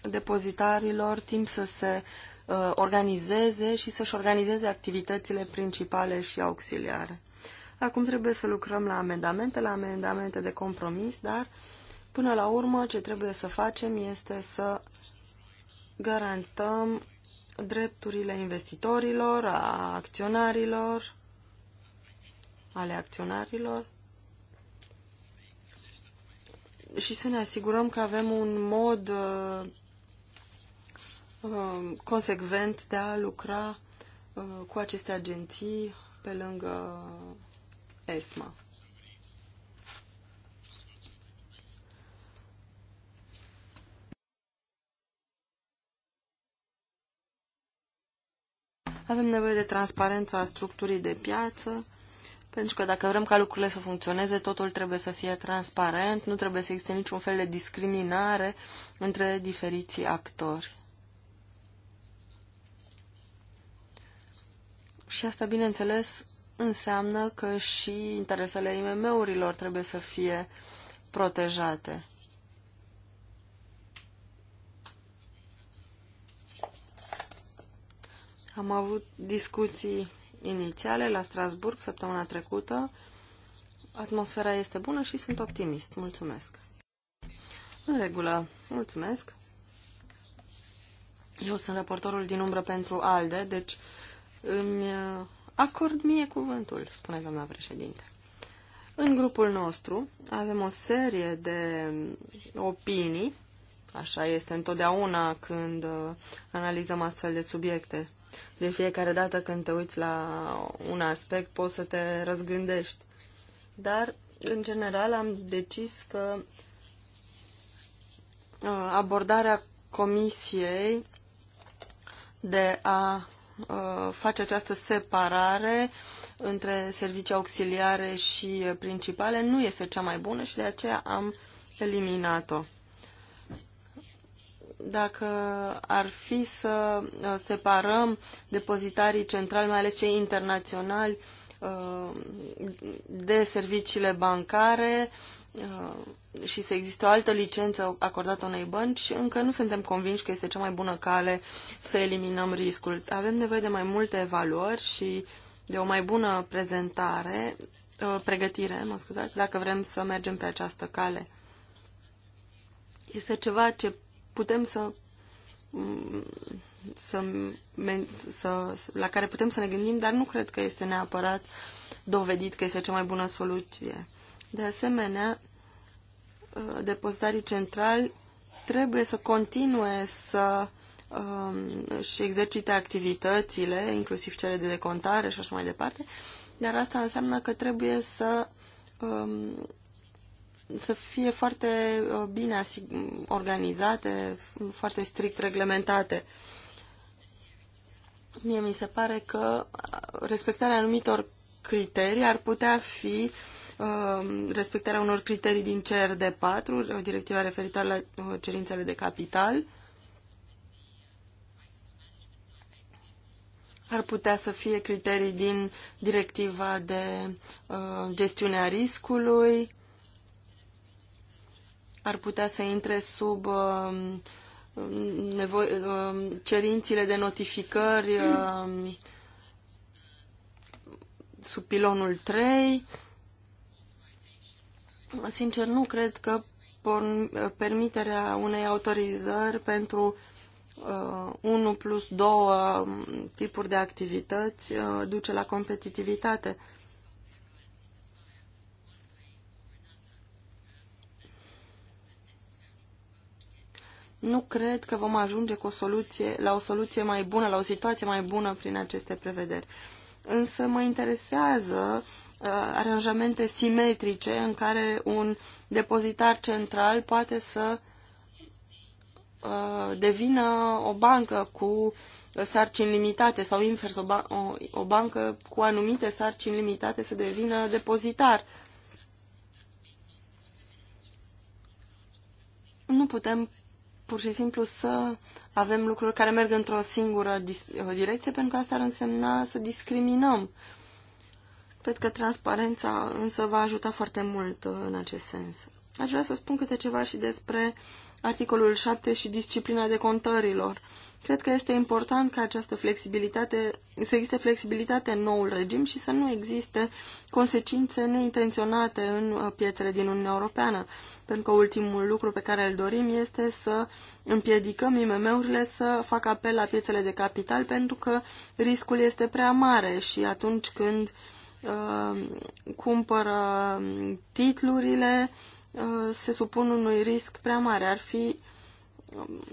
depozitarilor timp să se uh, organizeze și să-și organizeze activitățile principale și auxiliare. Acum trebuie să lucrăm la amendamente, la amendamente de compromis, dar până la urmă ce trebuie să facem este să garantăm drepturile investitorilor, a acționarilor, ale acționarilor și să ne asigurăm că avem un mod uh, uh, consecvent de a lucra uh, cu aceste agenții pe lângă ESMA. Avem nevoie de transparența structurii de piață pentru că dacă vrem ca lucrurile să funcționeze, totul trebuie să fie transparent, nu trebuie să existe niciun fel de discriminare între diferiții actori. Și asta, bineînțeles, înseamnă că și interesele IMM-urilor trebuie să fie protejate. Am avut discuții inițiale la Strasburg săptămâna trecută. Atmosfera este bună și sunt optimist. Mulțumesc. În regulă. Mulțumesc. Eu sunt raportorul din umbră pentru ALDE, deci îmi uh, acord mie cuvântul, spune doamna președinte. În grupul nostru avem o serie de opinii, așa este întotdeauna când uh, analizăm astfel de subiecte. De fiecare dată când te uiți la un aspect, poți să te răzgândești. Dar, în general, am decis că uh, abordarea comisiei de a uh, face această separare între servicii auxiliare și uh, principale nu este cea mai bună și de aceea am eliminat-o dacă ar fi să uh, separăm depozitarii centrali, mai ales cei internaționali, uh, de serviciile bancare uh, și să existe o altă licență acordată unei bănci, încă nu suntem convinși că este cea mai bună cale să eliminăm riscul. Avem nevoie de mai multe evaluări și de o mai bună prezentare, pregătire, mă scuzați, dacă vrem să mergem pe această cale. Este ceva ce putem să, mm, să, să, la care putem să ne gândim, dar nu cred că este neapărat dovedit că este cea mai bună soluție. De asemenea, uh, depozitarii centrali trebuie să continue să um, și exercite activitățile, inclusiv cele de decontare și așa mai departe, dar asta înseamnă că trebuie să um, să fie foarte uh, bine organizate, foarte strict reglementate. Mie mi se pare că uh, respectarea anumitor criterii ar putea fi uh, respectarea unor criterii din CRD4, directivă referitoare la cerințele de capital, ar putea să fie criterii din directiva de uh, gestiune a riscului, ar putea să intre sub um, um, cerințile de notificări um, sub pilonul 3. Sincer, nu cred că permiterea unei autorizări pentru uh, 1 plus 2 tipuri de activități uh, duce la competitivitate. Uh, Nu cred că vom ajunge cu o soluție, la o soluție mai bună, la o situație mai bună prin aceste prevederi. Însă mă interesează uh, aranjamente simetrice în care un depozitar central poate să uh, devină o bancă cu sarcini limitate sau invers, o, ba o, o bancă cu anumite sarcini limitate să devină depozitar. Nu putem pur și simplu să avem lucruri care merg într-o singură direcție, pentru că asta ar însemna să discriminăm. Cred că transparența însă va ajuta foarte mult uh, în acest sens. Aș vrea să spun câte ceva și despre articolul 7 și disciplina de contărilor. Cred că este important ca această flexibilitate, să existe flexibilitate în noul regim și să nu existe consecințe neintenționate în uh, piețele din Uniunea Europeană, pentru că ultimul lucru pe care îl dorim este să împiedicăm IMM-urile să facă apel la piețele de capital, pentru că riscul este prea mare și atunci când uh, cumpără um, titlurile, uh, Uh, se supun unui risc prea mare. Ar fi um,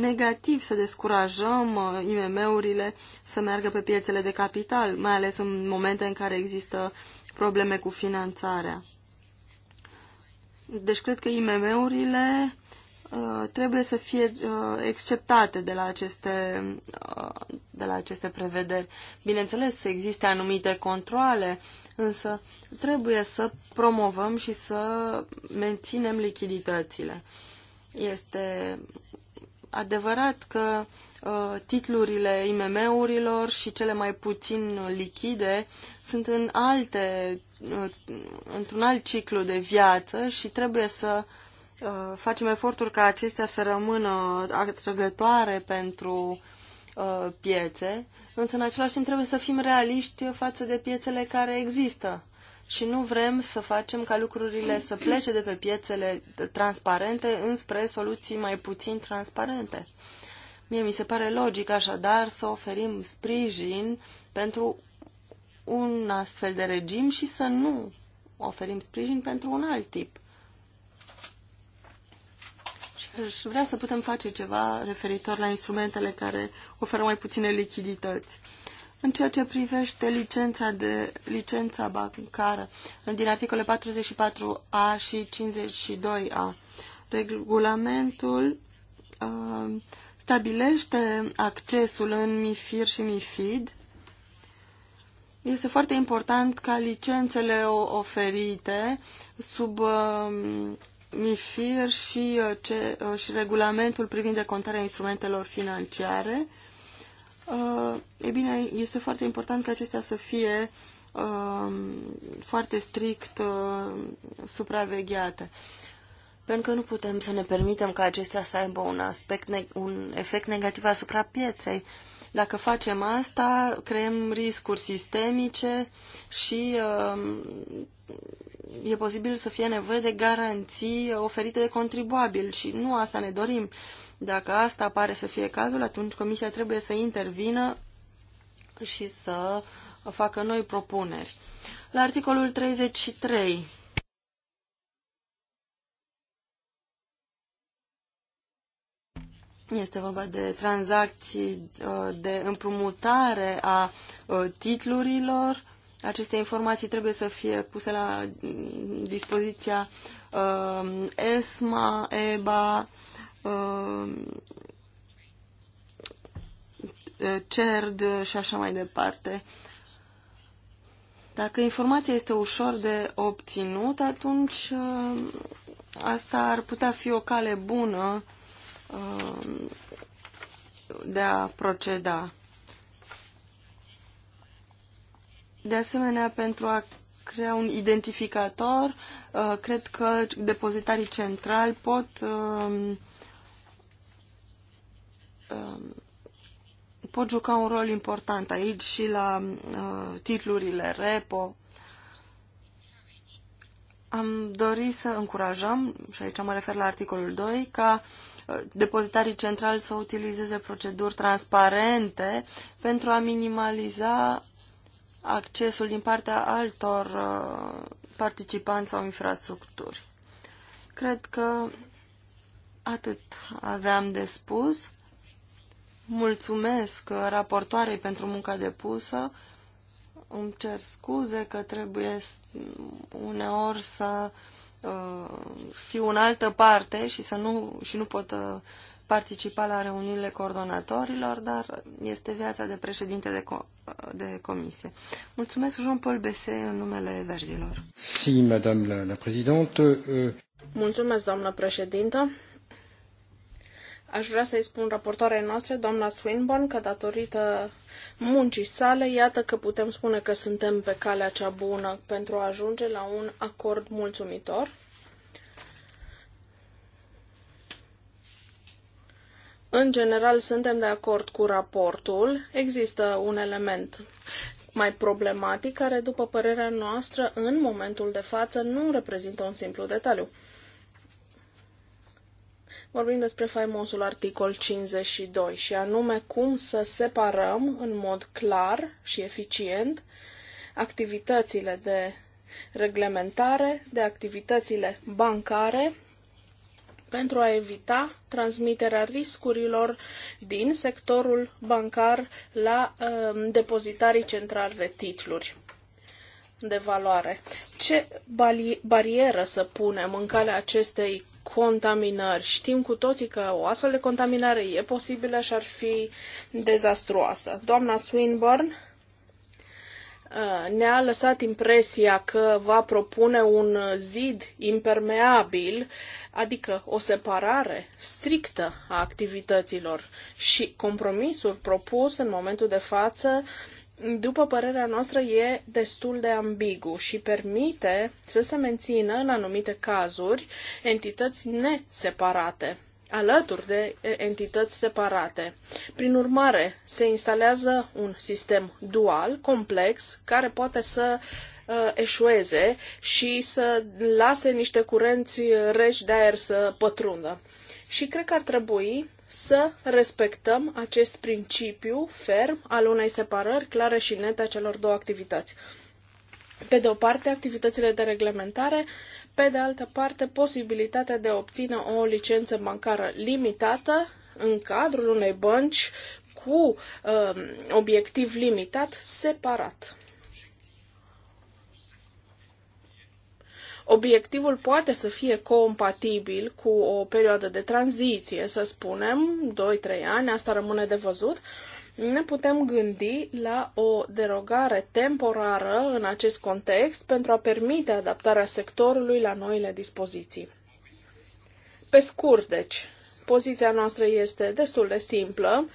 negativ să descurajăm uh, IMM-urile să meargă pe piețele de capital, mai ales în momente în care există probleme cu finanțarea. Deci cred că IMM-urile uh, trebuie să fie exceptate de la aceste, de la aceste prevederi. Bineînțeles, există anumite controle însă trebuie să promovăm și să menținem lichiditățile. Este adevărat că ă, titlurile IMM-urilor și cele mai puțin lichide sunt în alte, ă, într-un alt ciclu de viață și trebuie să ă, facem eforturi ca acestea să rămână atrăgătoare pentru piețe Însă, în același timp, trebuie să fim realiști față de piețele care există și nu vrem să facem ca lucrurile să plece de pe piețele transparente înspre soluții mai puțin transparente. Mie mi se pare logic așadar să oferim sprijin pentru un astfel de regim și să nu oferim sprijin pentru un alt tip aș vrea să putem face ceva referitor la instrumentele care oferă mai puține lichidități. În ceea ce privește licența, de, licența bancară, din articole 44A și 52A, regulamentul uh, stabilește accesul în MIFIR și MIFID. Este foarte important ca licențele oferite sub uh, MIFIR și, uh, ce, uh, și regulamentul privind decontarea instrumentelor financiare, uh, e bine, este foarte important ca acestea să fie um, foarte strict supravegheate. Pentru că nu putem să ne permitem ca acestea să aibă un, aspect un efect negativ asupra pieței. Dacă facem asta, creăm riscuri sistemice și uh, e posibil să fie nevoie de garanții oferite de contribuabil și nu asta ne dorim. Dacă asta pare să fie cazul, atunci Comisia trebuie să intervină și să facă noi propuneri. La articolul 33 Este vorba de tranzacții uh, de împrumutare a uh, titlurilor aceste informații trebuie să fie puse la dispoziția uh, ESMA, EBA, uh, CERD și așa mai departe. Dacă informația este ușor de obținut, atunci uh, asta ar putea fi o cale bună uh, de a proceda. De asemenea, pentru a crea un identificator, uh, cred că depozitarii centrali pot um, um, pot juca un rol important aici și la uh, titlurile repo. Am dorit să încurajăm, și aici mă refer la articolul 2, ca uh, depozitarii centrali să utilizeze proceduri transparente pentru a minimaliza accesul din partea altor uh, participanți sau infrastructuri. Cred că atât aveam de spus. Mulțumesc uh, raportoarei pentru munca depusă. Îmi cer scuze că trebuie uneori să uh, fiu în altă parte și să nu, și nu pot uh, participa la reuniunile coordonatorilor, dar este viața de președinte de, co de comisie. Mulțumesc, Jean-Paul Bese, în numele verzilor. Si, madame la, la présidente. Euh... Mulțumesc, doamnă președintă. Aș vrea să-i spun raportoarea noastră, doamna Swinburne, că datorită muncii sale, iată că putem spune că suntem pe calea cea bună pentru a ajunge la un acord mulțumitor În general, suntem de acord cu raportul. Există un element mai problematic care, după părerea noastră, în momentul de față nu reprezintă un simplu detaliu. Vorbim despre faimosul articol 52 și anume cum să separăm în mod clar și eficient activitățile de reglementare, de activitățile bancare pentru a evita transmiterea riscurilor din sectorul bancar la uh, depozitarii centrali de titluri de valoare. Ce barieră să punem în calea acestei contaminări? Știm cu toții că o astfel de contaminare e posibilă și ar fi dezastruoasă. Doamna Swinburne uh, ne-a lăsat impresia că va propune un zid impermeabil adică o separare strictă a activităților și compromisul propus în momentul de față, după părerea noastră, e destul de ambigu și permite să se mențină, în anumite cazuri, entități neseparate alături de entități separate. Prin urmare, se instalează un sistem dual, complex, care poate să uh, uh, eșueze și să lase niște curenți reci de aer să pătrundă. Și cred că ar trebui să respectăm acest principiu ferm al unei separări clare și nete a celor două activități. Pe de o parte, activitățile de reglementare, pe de altă parte, posibilitatea de a obține o licență bancară limitată în cadrul unei bănci cu uh, obiectiv limitat separat. Obiectivul poate să fie compatibil cu o perioadă de tranziție, să spunem, 2-3 ani, asta rămâne de văzut. Ne putem gândi la o derogare temporară în acest context pentru a permite adaptarea sectorului la noile dispoziții. Pe scurt, deci, poziția noastră este destul de simplă.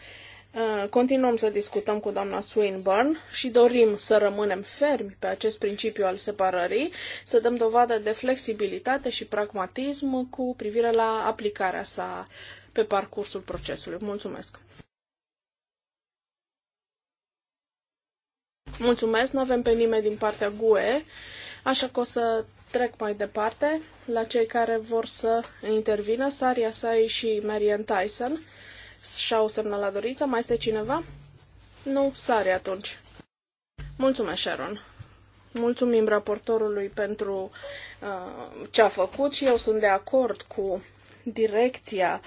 Uh, continuăm să discutăm cu doamna Swinburne și dorim să rămânem fermi pe acest principiu al separării, să dăm dovadă de flexibilitate și pragmatism cu privire la aplicarea sa pe parcursul procesului. Mulțumesc! Mulțumesc, nu avem pe nimeni din partea GUE, așa că o să trec mai departe la cei care vor să intervină, Saria Sai și Marian Tyson și-au semnalat dorința. Mai este cineva? Nu, sare atunci. Mulțumesc, Sharon. Mulțumim raportorului pentru uh, ce a făcut și eu sunt de acord cu direcția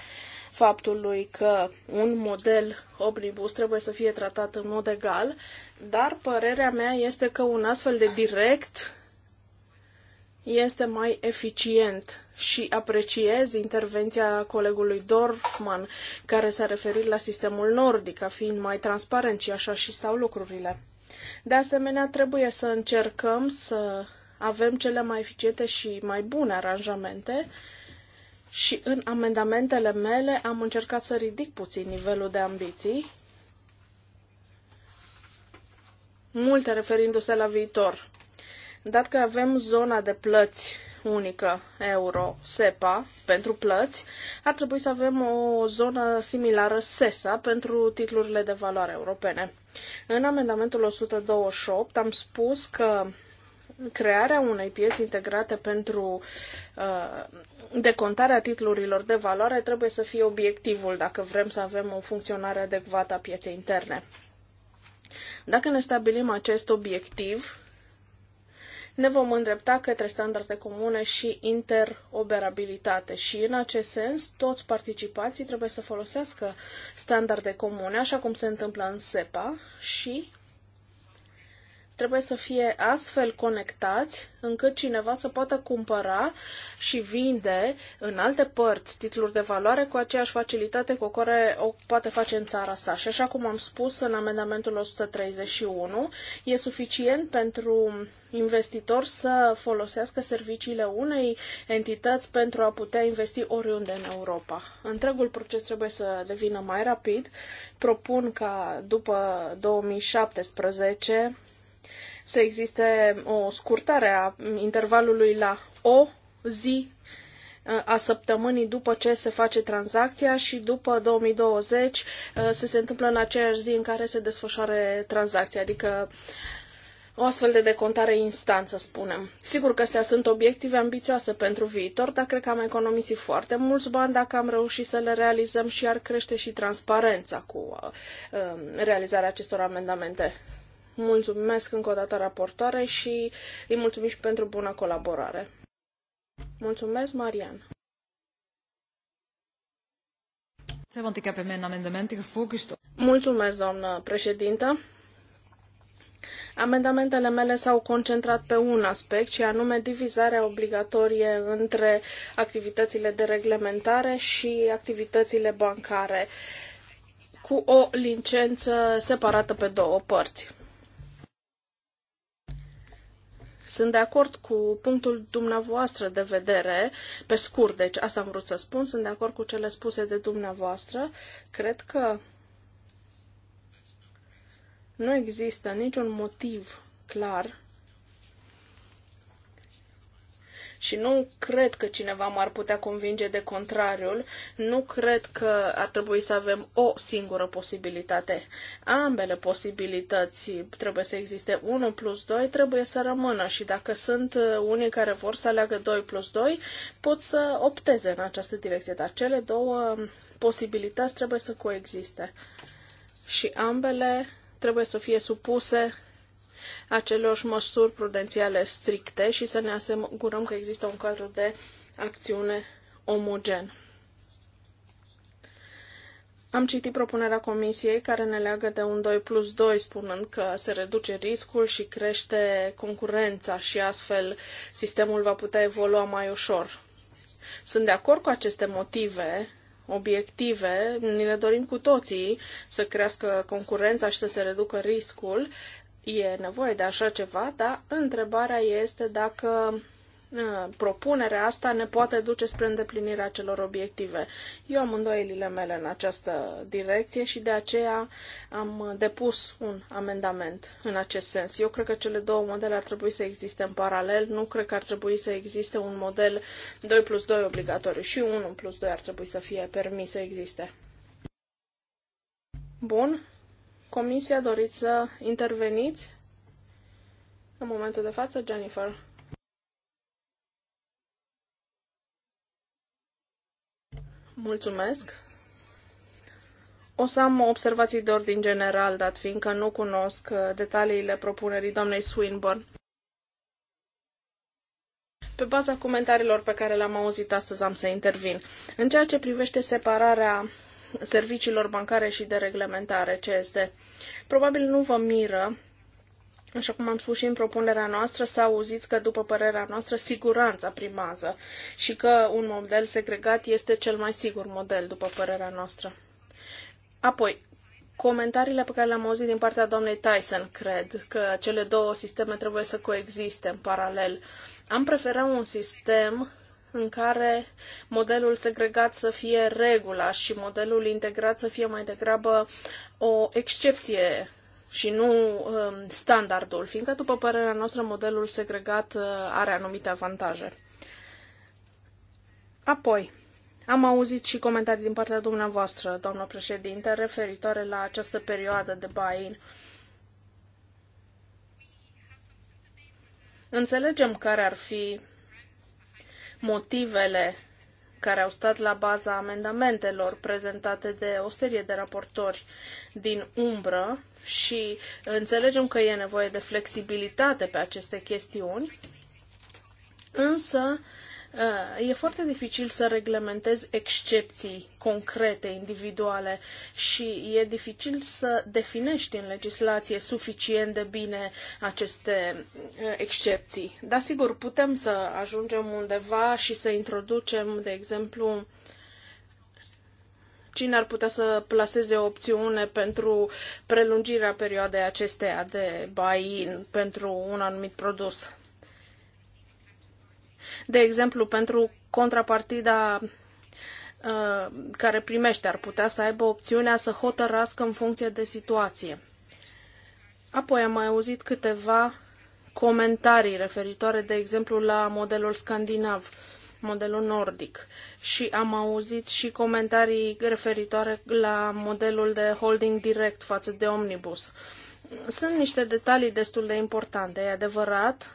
faptului că un model omnibus trebuie să fie tratat în mod egal, dar părerea mea este că un astfel de direct este mai eficient și apreciez intervenția colegului Dorfman, care s-a referit la sistemul nordic, ca fiind mai transparent și așa și stau lucrurile. De asemenea, trebuie să încercăm să avem cele mai eficiente și mai bune aranjamente și în amendamentele mele am încercat să ridic puțin nivelul de ambiții, multe referindu-se la viitor dat că avem zona de plăți unică euro SEPA pentru plăți, ar trebui să avem o zonă similară SESA pentru titlurile de valoare europene. În amendamentul 128 am spus că crearea unei pieți integrate pentru uh, decontarea titlurilor de valoare trebuie să fie obiectivul dacă vrem să avem o funcționare adecvată a pieței interne. Dacă ne stabilim acest obiectiv, ne vom îndrepta către standarde comune și interoperabilitate și în acest sens toți participații trebuie să folosească standarde comune, așa cum se întâmplă în SEPA și trebuie să fie astfel conectați încât cineva să poată cumpăra și vinde în alte părți titluri de valoare cu aceeași facilitate cu care o poate face în țara sa. Și așa cum am spus în amendamentul 131, e suficient pentru investitor să folosească serviciile unei entități pentru a putea investi oriunde în Europa. Întregul proces trebuie să devină mai rapid. Propun ca după 2017 să existe o scurtare a intervalului la o zi uh, a săptămânii după ce se face tranzacția și după 2020 uh, să se întâmplă în aceeași zi în care se desfășoare tranzacția, adică o astfel de decontare instant, să spunem. Sigur că astea sunt obiective ambițioase pentru viitor, dar cred că am economisit foarte mulți bani dacă am reușit să le realizăm și ar crește și transparența cu uh, um, realizarea acestor amendamente. Mulțumesc încă o dată raportoare și îi mulțumim și pentru bună colaborare. Mulțumesc, Marian. Mulțumesc, doamnă președintă. Amendamentele mele s-au concentrat pe un aspect, și anume divizarea obligatorie între activitățile de reglementare și activitățile bancare, cu o licență separată pe două părți. Sunt de acord cu punctul dumneavoastră de vedere, pe scurt, deci asta am vrut să spun, sunt de acord cu cele spuse de dumneavoastră. Cred că nu există niciun motiv clar și nu cred că cineva m-ar putea convinge de contrariul, nu cred că ar trebui să avem o singură posibilitate. Ambele posibilități trebuie să existe 1 plus 2, trebuie să rămână și dacă sunt uh, unii care vor să aleagă 2 plus 2, pot să opteze în această direcție, dar cele două um, posibilități trebuie să coexiste. Și ambele trebuie să fie supuse aceloși măsuri prudențiale stricte și să ne asigurăm că există un cadru de acțiune omogen. Am citit propunerea comisiei care ne leagă de un 2 plus 2, spunând că se reduce riscul și crește concurența și astfel sistemul va putea evolua mai ușor. Sunt de acord cu aceste motive obiective, ni le dorim cu toții să crească concurența și să se reducă riscul, e nevoie de așa ceva, dar întrebarea este dacă uh, propunerea asta ne poate duce spre îndeplinirea celor obiective. Eu am îndoielile mele în această direcție și de aceea am depus un amendament în acest sens. Eu cred că cele două modele ar trebui să existe în paralel, nu cred că ar trebui să existe un model 2 plus 2 obligatoriu și 1 plus 2 ar trebui să fie permis să existe. Bun, Comisia, doriți să interveniți? În momentul de față, Jennifer. Mulțumesc. O să am observații de ordin general, dat fiindcă nu cunosc uh, detaliile propunerii doamnei Swinburne. Pe baza comentariilor pe care le-am auzit astăzi am să intervin. În ceea ce privește separarea serviciilor bancare și de reglementare, este. Probabil nu vă miră Așa cum am spus și în propunerea noastră, să auziți că, după părerea noastră, siguranța primează și că un model segregat este cel mai sigur model, după părerea noastră. Apoi, comentariile pe care le-am auzit din partea doamnei Tyson, cred că cele două sisteme trebuie să coexiste în paralel. Am preferat un sistem în care modelul segregat să fie regula și modelul integrat să fie mai degrabă o excepție și nu um, standardul, fiindcă, după părerea noastră, modelul segregat uh, are anumite avantaje. Apoi, am auzit și comentarii din partea dumneavoastră, doamnă președinte, referitoare la această perioadă de buy-in. Înțelegem care ar fi motivele care au stat la baza amendamentelor prezentate de o serie de raportori din umbră și înțelegem că e nevoie de flexibilitate pe aceste chestiuni, însă Uh, e foarte dificil să reglementezi excepții concrete, individuale și e dificil să definești în legislație suficient de bine aceste uh, excepții. Dar sigur, putem să ajungem undeva și să introducem, de exemplu, cine ar putea să plaseze o opțiune pentru prelungirea perioadei acesteia de buy-in pentru un anumit produs. De exemplu, pentru contrapartida uh, care primește ar putea să aibă opțiunea să hotărască în funcție de situație. Apoi am mai auzit câteva comentarii referitoare, de exemplu, la modelul scandinav, modelul nordic. Și am auzit și comentarii referitoare la modelul de holding direct față de omnibus. Sunt niște detalii destul de importante, e adevărat,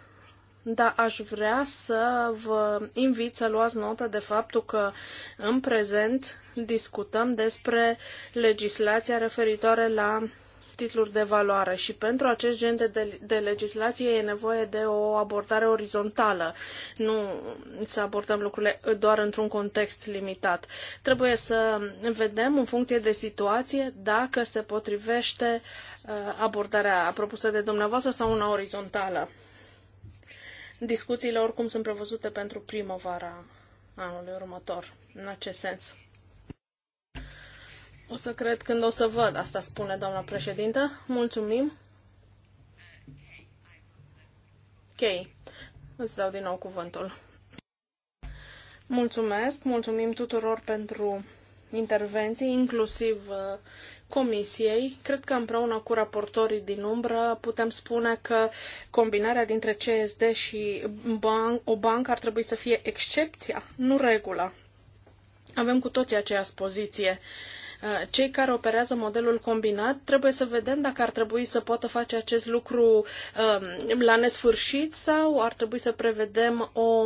dar aș vrea să vă invit să luați notă de faptul că în prezent discutăm despre legislația referitoare la titluri de valoare și pentru acest gen de, de, de legislație e nevoie de o abordare orizontală, nu să abordăm lucrurile doar într-un context limitat. Trebuie să vedem în funcție de situație dacă se potrivește uh, abordarea propusă de dumneavoastră sau una orizontală. Discuțiile oricum sunt prevăzute pentru primăvara anului următor, în acest sens. O să cred când o să văd, asta spune doamna președintă. Mulțumim. Ok, îți dau din nou cuvântul. Mulțumesc, mulțumim tuturor pentru intervenții, inclusiv uh, Comisiei. Cred că împreună cu raportorii din umbră putem spune că combinarea dintre CSD și ban- o bancă ar trebui să fie excepția, nu regula. Avem cu toții aceeași poziție uh, cei care operează modelul combinat, trebuie să vedem dacă ar trebui să poată face acest lucru um, la nesfârșit sau ar trebui să prevedem o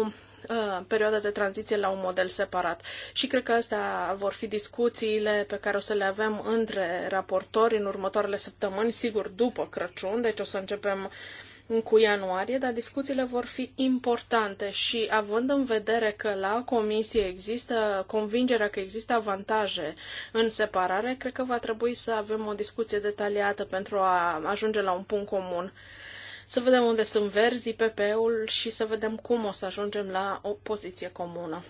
Uh, perioada de tranziție la un model separat. Și cred că astea vor fi discuțiile pe care o să le avem între raportori în următoarele săptămâni, sigur după Crăciun, deci o să începem cu ianuarie, dar discuțiile vor fi importante și având în vedere că la comisie există convingerea că există avantaje în separare, cred că va trebui să avem o discuție detaliată pentru a ajunge la un punct comun să vedem unde sunt verzii, PP-ul și să vedem cum o să ajungem la o poziție comună.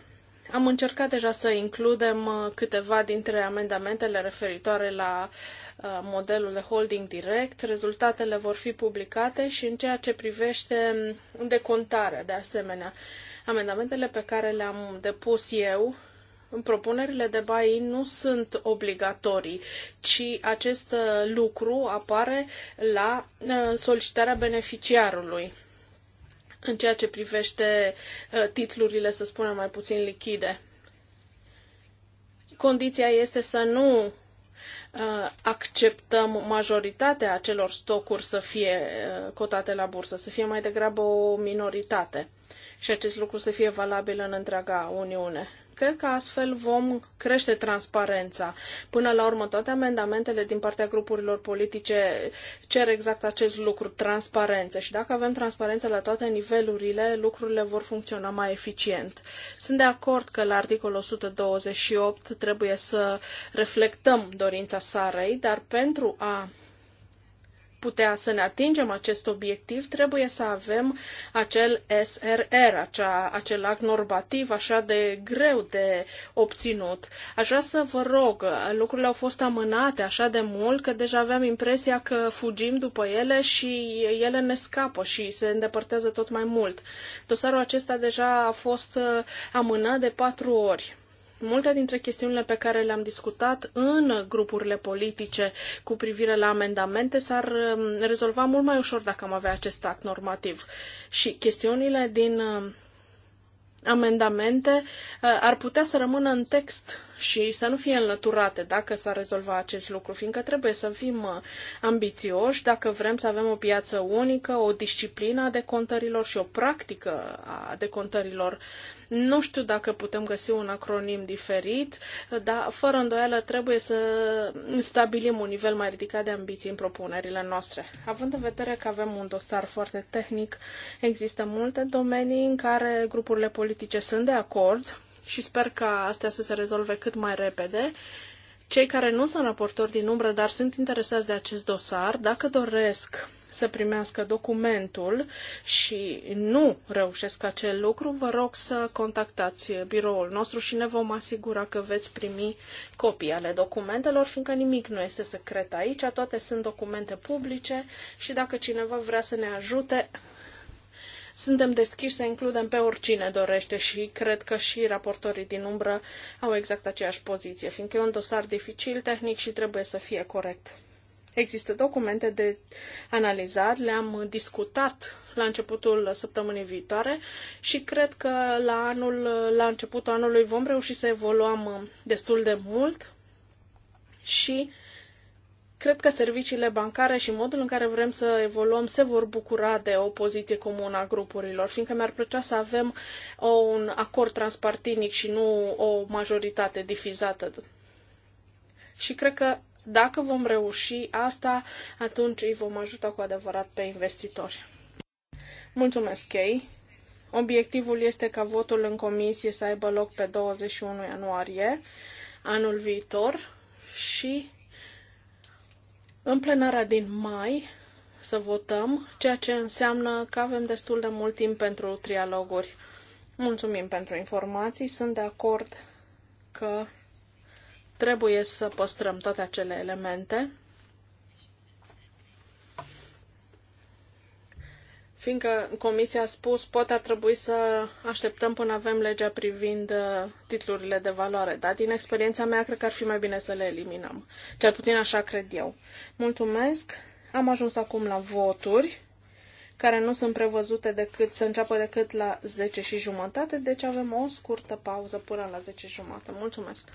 Am încercat deja să includem uh, câteva dintre amendamentele referitoare la uh, modelul de holding direct. Rezultatele vor fi publicate și în ceea ce privește mm, decontarea, de asemenea. Amendamentele pe care le-am depus eu propunerile de buy-in nu sunt obligatorii, ci acest uh, lucru apare la uh, solicitarea beneficiarului în ceea ce privește uh, titlurile, să spunem, mai puțin lichide. Condiția este să nu acceptăm majoritatea acelor stocuri să fie cotate la bursă, să fie mai degrabă o minoritate și acest lucru să fie valabil în întreaga Uniune. Cred că astfel vom crește transparența. Până la urmă, toate amendamentele din partea grupurilor politice cer exact acest lucru, transparență. Și dacă avem transparență la toate nivelurile, lucrurile vor funcționa mai eficient. Sunt de acord că la articolul 128 trebuie să reflectăm dorința Sarei, dar pentru a putea să ne atingem acest obiectiv, trebuie să avem acel SRR, acea, acel act normativ așa de greu de obținut. Aș vrea să vă rog, lucrurile au fost amânate așa de mult că deja aveam impresia că fugim după ele și ele ne scapă și se îndepărtează tot mai mult. Dosarul acesta deja a fost uh, amânat de patru ori. Multe dintre chestiunile pe care le-am discutat în grupurile politice cu privire la amendamente s-ar um, rezolva mult mai ușor dacă am avea acest act normativ. Și chestiunile din um, amendamente uh, ar putea să rămână în text și să nu fie înlăturate dacă s a rezolvat acest lucru, fiindcă trebuie să fim uh, ambițioși dacă vrem să avem o piață unică, o disciplină a decontărilor și o practică a decontărilor. Nu știu dacă putem găsi un acronim diferit, dar fără îndoială trebuie să stabilim un nivel mai ridicat de ambiții în propunerile noastre. Având în vedere că avem un dosar foarte tehnic, există multe domenii în care grupurile politice sunt de acord, și sper ca astea să se rezolve cât mai repede. Cei care nu sunt raportori din umbră, dar sunt interesați de acest dosar, dacă doresc să primească documentul și nu reușesc acel lucru, vă rog să contactați biroul nostru și ne vom asigura că veți primi copii ale documentelor, fiindcă nimic nu este secret aici, toate sunt documente publice și dacă cineva vrea să ne ajute, suntem deschiși să includem pe oricine dorește și cred că și raportorii din umbră au exact aceeași poziție, fiindcă e un dosar dificil, tehnic și trebuie să fie corect. Există documente de analizat, le-am discutat la începutul săptămânii viitoare și cred că la, anul, la începutul anului vom reuși să evoluăm destul de mult și Cred că serviciile bancare și modul în care vrem să evoluăm se vor bucura de o poziție comună a grupurilor, fiindcă mi-ar plăcea să avem un acord transpartinic și nu o majoritate difizată. Și cred că dacă vom reuși asta, atunci îi vom ajuta cu adevărat pe investitori. Mulțumesc, Kay. Obiectivul este ca votul în comisie să aibă loc pe 21 ianuarie anul viitor și în plenara din mai să votăm, ceea ce înseamnă că avem destul de mult timp pentru trialoguri. Mulțumim pentru informații, sunt de acord că trebuie să păstrăm toate acele elemente fiindcă Comisia a spus poate ar trebui să așteptăm până avem legea privind uh, titlurile de valoare, dar din experiența mea cred că ar fi mai bine să le eliminăm. Cel puțin așa cred eu. Mulțumesc! Am ajuns acum la voturi, care nu sunt prevăzute decât să înceapă decât la 10 și jumătate, deci avem o scurtă pauză până la 10 și jumătate. Mulțumesc!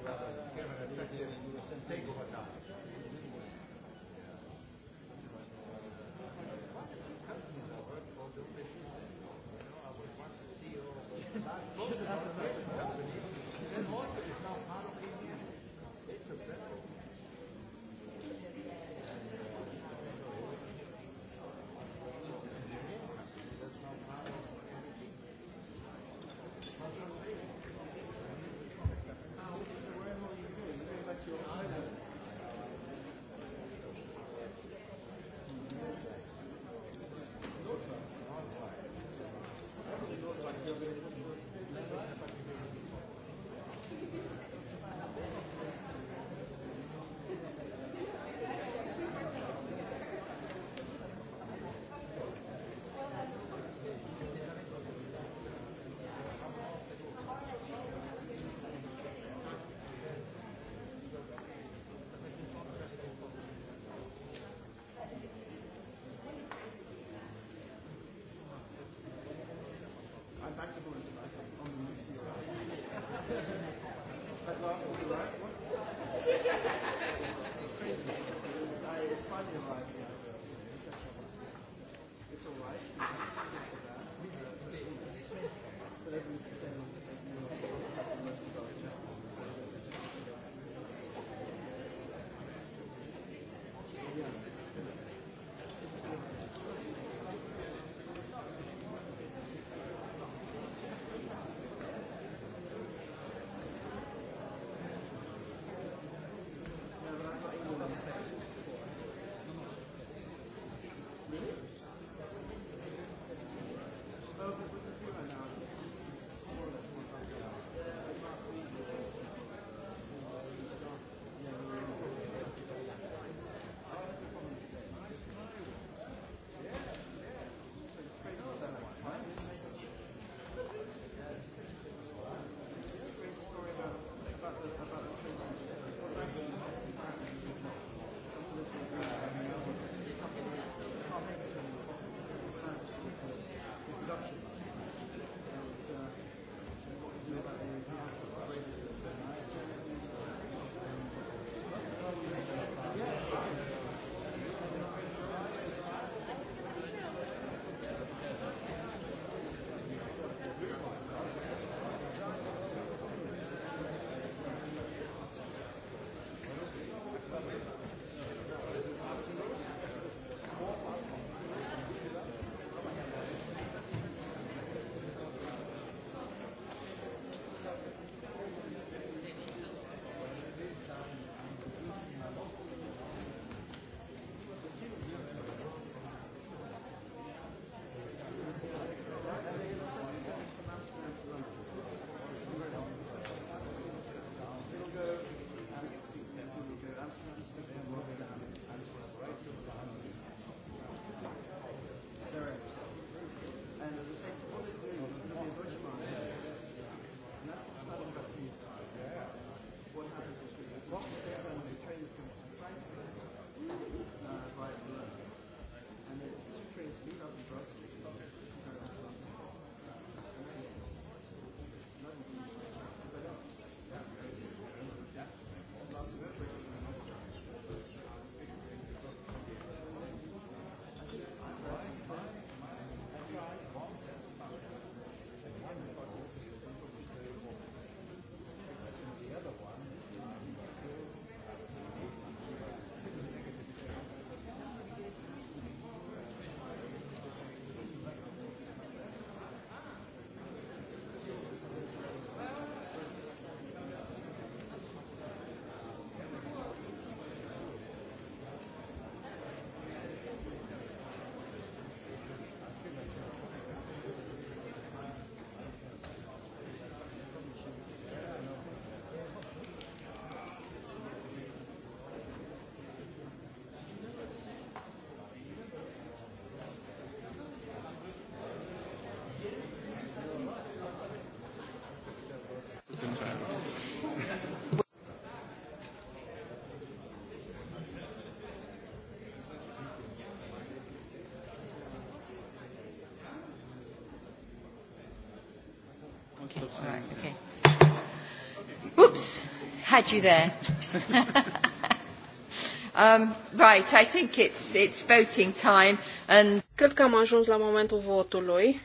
Thank you. Oops, had you there. um, right, I think it's, it's voting time and... Cred că am ajuns la momentul votului.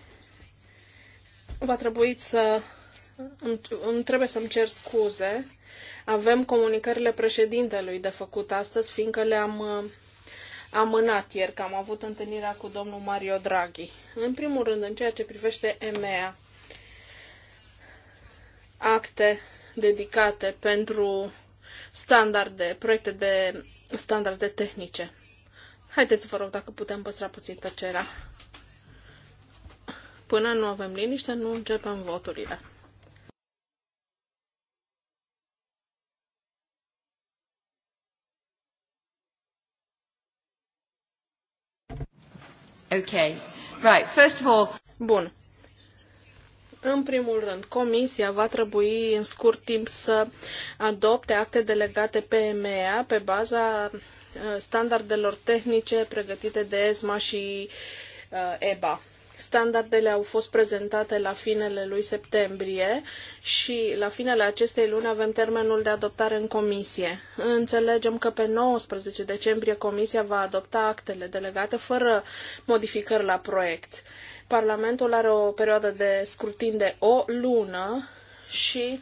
Va trebui să îmi, trebuie să-mi cer scuze. Avem comunicările președintelui de făcut astăzi, fiindcă le-am uh, amânat ieri, că am avut întâlnirea cu domnul Mario Draghi. În primul rând, în ceea ce privește EMEA, acte dedicate pentru standarde, proiecte de standarde tehnice. Haideți, vă rog, dacă putem păstra puțin tăcerea. Până nu avem liniște, nu începem voturile. Okay. Right, first of all... Bun. În primul rând, Comisia va trebui în scurt timp să adopte acte delegate pe EMEA pe baza uh, standardelor tehnice pregătite de ESMA și uh, EBA. Standardele au fost prezentate la finele lui septembrie și la finele acestei luni avem termenul de adoptare în comisie. Înțelegem că pe 19 decembrie comisia va adopta actele delegate fără modificări la proiect. Parlamentul are o perioadă de scrutin de o lună și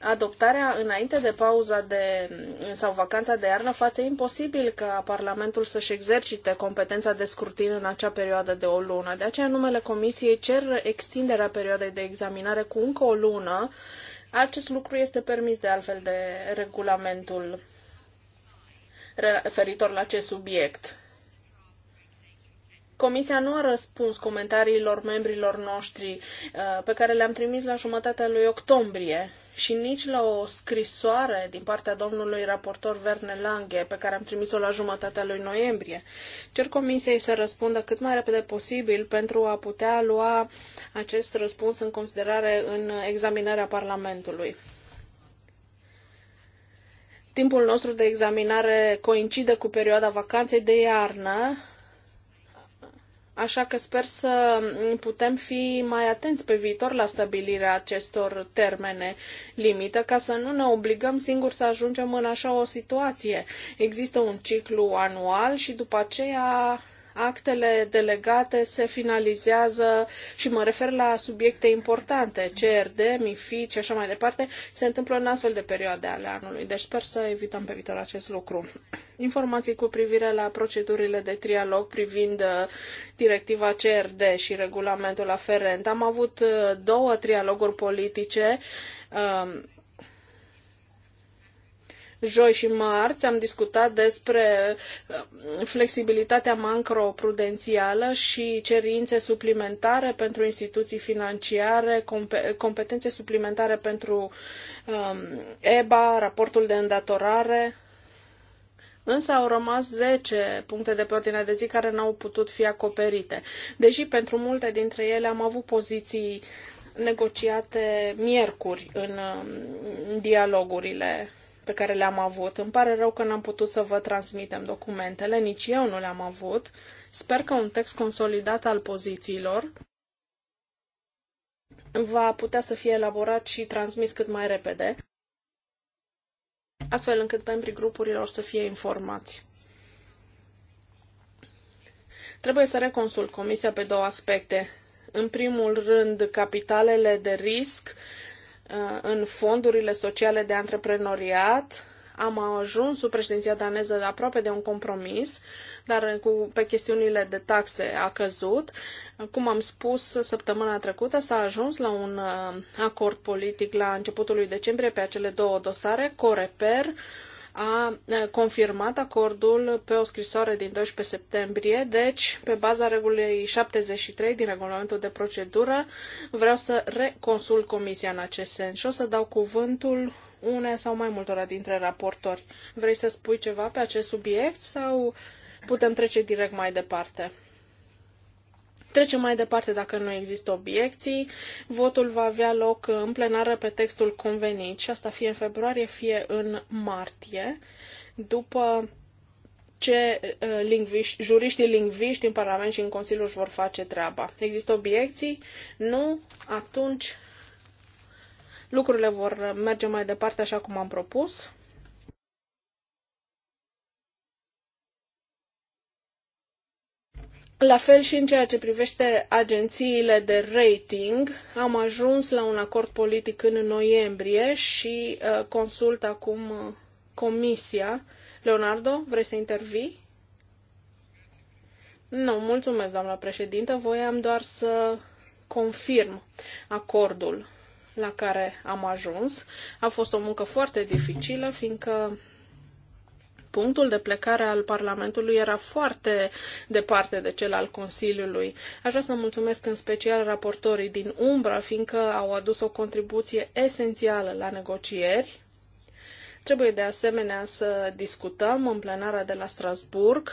adoptarea înainte de pauza de, sau vacanța de iarnă face imposibil ca Parlamentul să-și exercite competența de scrutin în acea perioadă de o lună. De aceea, numele Comisiei cer extinderea perioadei de examinare cu încă o lună. Acest lucru este permis de altfel de regulamentul referitor la acest subiect. Comisia nu a răspuns comentariilor membrilor noștri uh, pe care le-am trimis la jumătatea lui octombrie și nici la o scrisoare din partea domnului raportor Verne Lange pe care am trimis-o la jumătatea lui noiembrie. Cer Comisiei să răspundă cât mai repede posibil pentru a putea lua acest răspuns în considerare în examinarea Parlamentului timpul nostru de examinare coincide cu perioada vacanței de iarnă Așa că sper să putem fi mai atenți pe viitor la stabilirea acestor termene limită, ca să nu ne obligăm singur să ajungem în așa o situație. Există un ciclu anual și după aceea Actele delegate se finalizează și mă refer la subiecte importante, CRD, MIFI și așa mai departe, se întâmplă în astfel de perioade ale anului, deci sper să evităm pe viitor acest lucru. Informații cu privire la procedurile de trialog privind uh, directiva CRD și regulamentul aferent. Am avut uh, două trialoguri politice um, joi și marți am discutat despre uh, flexibilitatea macroprudențială și cerințe suplimentare pentru instituții financiare, competențe suplimentare pentru um, EBA, raportul de îndatorare. Însă au rămas 10 puncte de pe ordinea de zi care n-au putut fi acoperite. Deși pentru multe dintre ele am avut poziții negociate miercuri în um, dialogurile pe care le-am avut. Îmi pare rău că n-am putut să vă transmitem documentele, nici eu nu le-am avut. Sper că un text consolidat al pozițiilor va putea să fie elaborat și transmis cât mai repede, astfel încât membrii grupurilor să fie informați. Trebuie să reconsult Comisia pe două aspecte. În primul rând, capitalele de risc Uh, în fondurile sociale de antreprenoriat. Am ajuns sub președinția daneză de aproape de un compromis, dar cu, pe chestiunile de taxe a căzut. Cum am spus săptămâna trecută, s-a ajuns la un uh, acord politic la începutul lui decembrie pe acele două dosare, Coreper, a confirmat acordul pe o scrisoare din 12 septembrie, deci pe baza regulii 73 din regulamentul de procedură vreau să reconsult comisia în acest sens și o să dau cuvântul une sau mai multora dintre raportori. Vrei să spui ceva pe acest subiect sau putem trece direct mai departe? Trecem mai departe dacă nu există obiecții. Votul va avea loc în plenară pe textul convenit și asta fie în februarie, fie în martie, după ce uh, lingviști, juriștii lingviști în Parlament și în Consiliu își vor face treaba. Există obiecții? Nu? Atunci lucrurile vor merge mai departe așa cum am propus. La fel și în ceea ce privește agențiile de rating, am ajuns la un acord politic în noiembrie și uh, consult acum uh, comisia. Leonardo, vrei să intervii? Nu, mulțumesc, doamna președintă. Voiam doar să confirm acordul la care am ajuns. A fost o muncă foarte dificilă, fiindcă punctul de plecare al Parlamentului era foarte departe de cel al Consiliului. Aș vrea să mulțumesc în special raportorii din Umbra, fiindcă au adus o contribuție esențială la negocieri. Trebuie de asemenea să discutăm în plenara de la Strasburg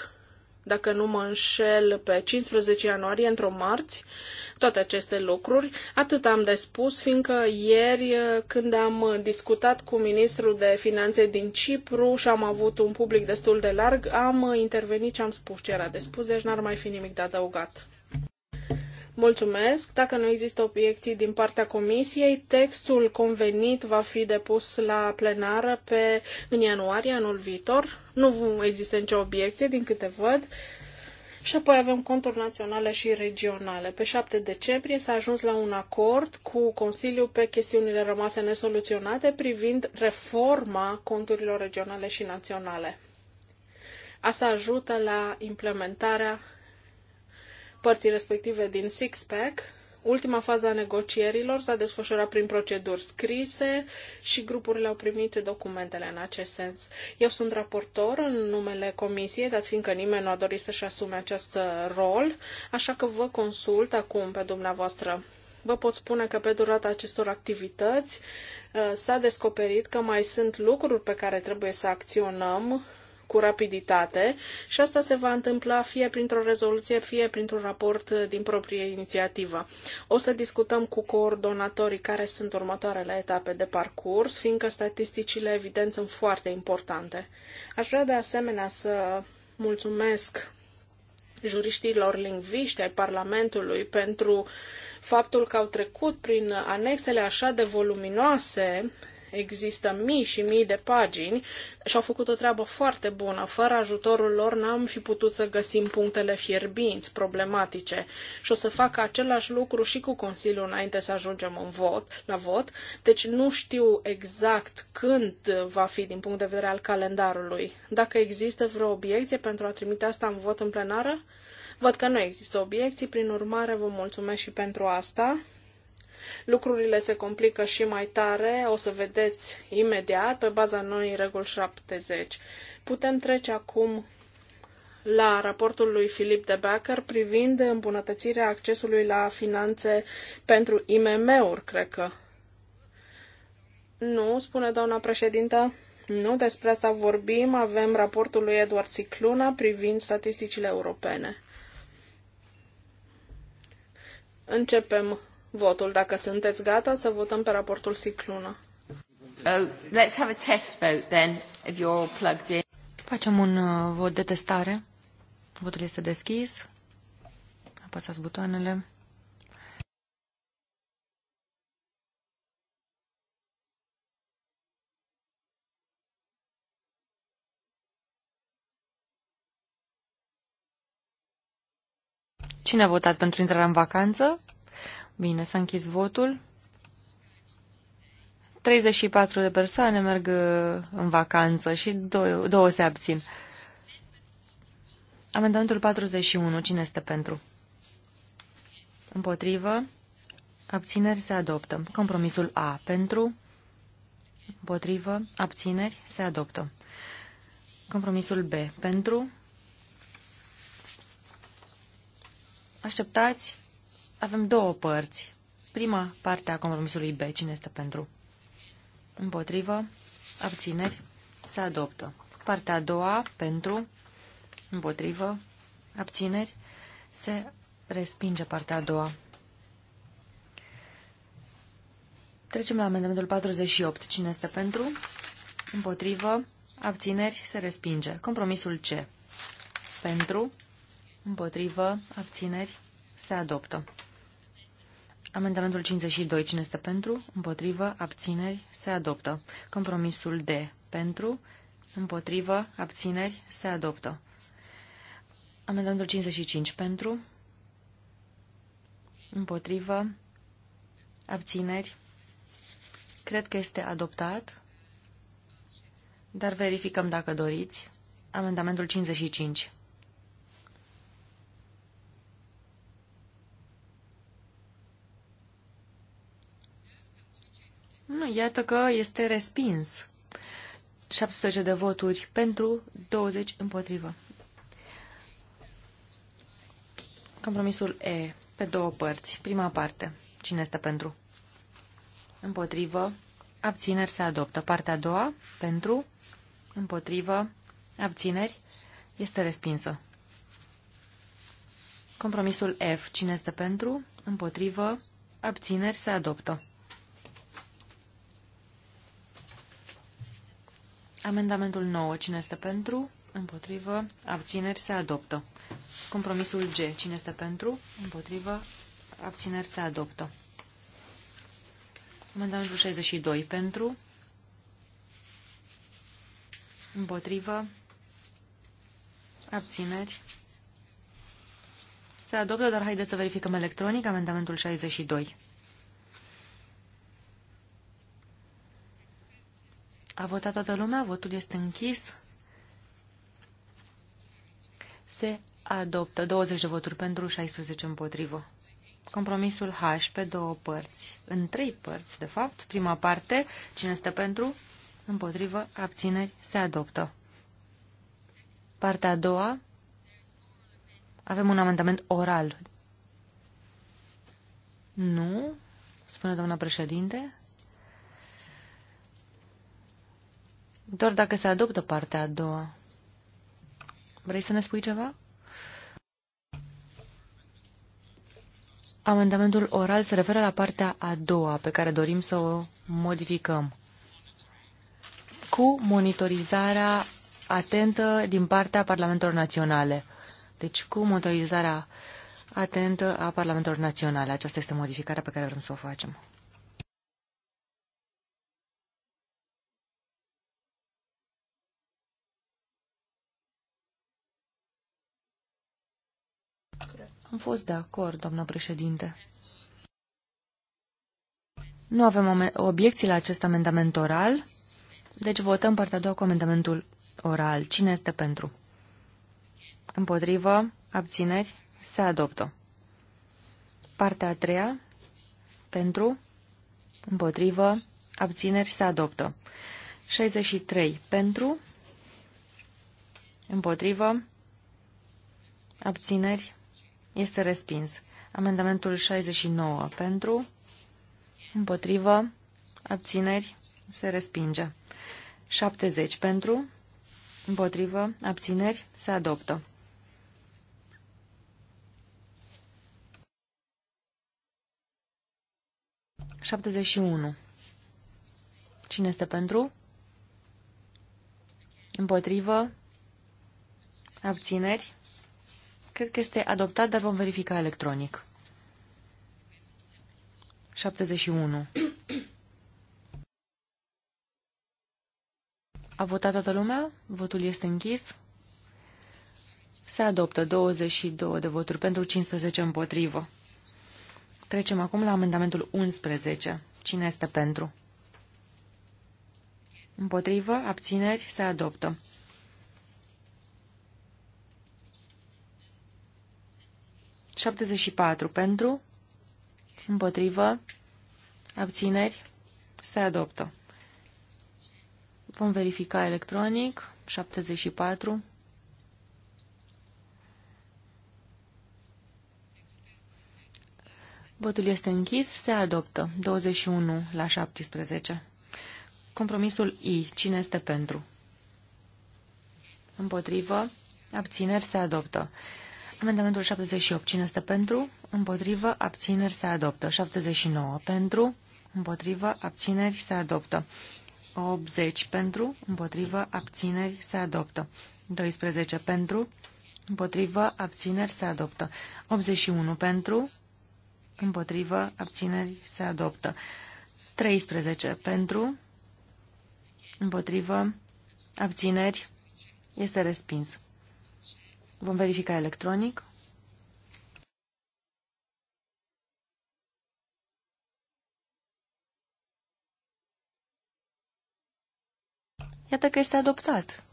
dacă nu mă înșel, pe 15 ianuarie, într-o marți, toate aceste lucruri. Atât am de spus, fiindcă ieri, când am discutat cu ministrul de finanțe din Cipru și am avut un public destul de larg, am intervenit și am spus ce era de spus, deci n-ar mai fi nimic de adăugat. Mulțumesc. Dacă nu există obiecții din partea comisiei, textul convenit va fi depus la plenară pe, în ianuarie anul viitor. Nu există nicio obiecție, din câte văd. Și apoi avem conturi naționale și regionale. Pe 7 decembrie s-a ajuns la un acord cu Consiliul pe chestiunile rămase nesoluționate privind reforma conturilor regionale și naționale. Asta ajută la implementarea părții respective din six-pack. Ultima fază a negocierilor s-a desfășurat prin proceduri scrise și grupurile au primit documentele în acest sens. Eu sunt raportor în numele comisiei, dat fiindcă nimeni nu a dorit să-și asume acest rol, așa că vă consult acum pe dumneavoastră vă pot spune că pe durata acestor activități uh, s-a descoperit că mai sunt lucruri pe care trebuie să acționăm cu rapiditate și asta se va întâmpla fie printr-o rezoluție, fie printr-un raport din proprie inițiativă. O să discutăm cu coordonatorii care sunt următoarele etape de parcurs, fiindcă statisticile evident sunt foarte importante. Aș vrea de asemenea să mulțumesc juriștilor lingviști ai Parlamentului pentru faptul că au trecut prin anexele așa de voluminoase Există mii și mii de pagini și au făcut o treabă foarte bună. Fără ajutorul lor n-am fi putut să găsim punctele fierbinți, problematice. Și o să fac același lucru și cu Consiliul înainte să ajungem în vot, la vot. Deci nu știu exact când va fi din punct de vedere al calendarului. Dacă există vreo obiecție pentru a trimite asta în vot în plenară, Văd că nu există obiecții, prin urmare vă mulțumesc și pentru asta. Lucrurile se complică și mai tare, o să vedeți imediat, pe baza noii reguli 70. Putem trece acum la raportul lui Filip de Becker privind îmbunătățirea accesului la finanțe pentru IMM-uri, cred că. Nu, spune doamna președintă. Nu, despre asta vorbim. Avem raportul lui Eduard Cicluna privind statisticile europene. Începem votul, dacă sunteți gata să votăm pe raportul Sicluna. Oh, let's have a test vote then, if you're all plugged in. Facem un uh, vot de testare. Votul este deschis. Apăsați butoanele. Cine a votat pentru intrarea în vacanță? Bine, s-a închis votul. 34 de persoane merg uh, în vacanță și două, două se abțin. Amendamentul 41. Cine este pentru? Împotrivă. Abțineri se adoptă. Compromisul A. Pentru. Împotrivă. Abțineri se adoptă. Compromisul B. Pentru. Așteptați. Avem două părți. Prima parte a compromisului B. Cine este pentru? Împotrivă. Abțineri. Se adoptă. Partea a doua. Pentru. Împotrivă. Abțineri. Se respinge partea a doua. Trecem la amendamentul 48. Cine este pentru? Împotrivă. Abțineri. Se respinge. Compromisul C. Pentru. Împotrivă. Abțineri. Se adoptă. Amendamentul 52. Cine este pentru? Împotrivă. Abțineri. Se adoptă. Compromisul D. Pentru. Împotrivă. Abțineri. Se adoptă. Amendamentul 55. Pentru. Împotrivă. Abțineri. Cred că este adoptat, dar verificăm dacă doriți. Amendamentul 55. Nu, iată că este respins. 17 de voturi pentru, 20 împotrivă. Compromisul E, pe două părți. Prima parte, cine este pentru? Împotrivă, abțineri se adoptă. Partea a doua, pentru, împotrivă, abțineri, este respinsă. Compromisul F, cine este pentru? Împotrivă, abțineri se adoptă. Amendamentul 9. Cine este pentru? Împotrivă. Abțineri se adoptă. Compromisul G. Cine este pentru? Împotrivă. Abțineri se adoptă. Amendamentul 62. Pentru? Împotrivă. Abțineri. Se adoptă, dar haideți să verificăm electronic amendamentul 62. A votat toată lumea, votul este închis. Se adoptă 20 de voturi pentru, 16 împotrivă. Compromisul H pe două părți. În trei părți, de fapt. Prima parte, cine stă pentru, împotrivă, abțineri, se adoptă. Partea a doua, avem un amendament oral. Nu, spune doamna președinte. doar dacă se adoptă partea a doua. Vrei să ne spui ceva? Amendamentul oral se referă la partea a doua pe care dorim să o modificăm cu monitorizarea atentă din partea Parlamentelor Naționale. Deci cu monitorizarea atentă a Parlamentelor Naționale. Aceasta este modificarea pe care vrem să o facem. Am fost de acord, doamnă președinte. Nu avem obiecții la acest amendament oral, deci votăm partea a doua cu amendamentul oral. Cine este pentru? Împotrivă, abțineri, se adoptă. Partea a treia, pentru, împotrivă, abțineri, se adoptă. 63, pentru, împotrivă, abțineri, este respins. Amendamentul 69 pentru, împotrivă, abțineri, se respinge. 70 pentru, împotrivă, abțineri, se adoptă. Șaptezeci și unu. Cine este pentru? Împotrivă? Abțineri? Cred că este adoptat, dar vom verifica electronic. 71. A votat toată lumea? Votul este închis? Se adoptă 22 de voturi pentru 15 împotrivă. Trecem acum la amendamentul 11. Cine este pentru? Împotrivă, abțineri, se adoptă. 74 pentru, împotrivă, abțineri, se adoptă. Vom verifica electronic, 74. Votul este închis, se adoptă, 21 la 17. Compromisul I, cine este pentru? Împotrivă, abțineri, se adoptă. Amendamentul 78. Cine este pentru? Împotrivă. Abțineri se adoptă. 79. Pentru. Împotrivă. Abțineri se adoptă. 80. Pentru. Împotrivă. Abțineri se adoptă. 12. Pentru. Împotrivă. Abțineri se adoptă. 81. Pentru. Împotrivă. Abțineri se adoptă. 13. Pentru. Împotrivă. Abțineri. Este respins. Vom verifica electronic. Iată că este adoptat.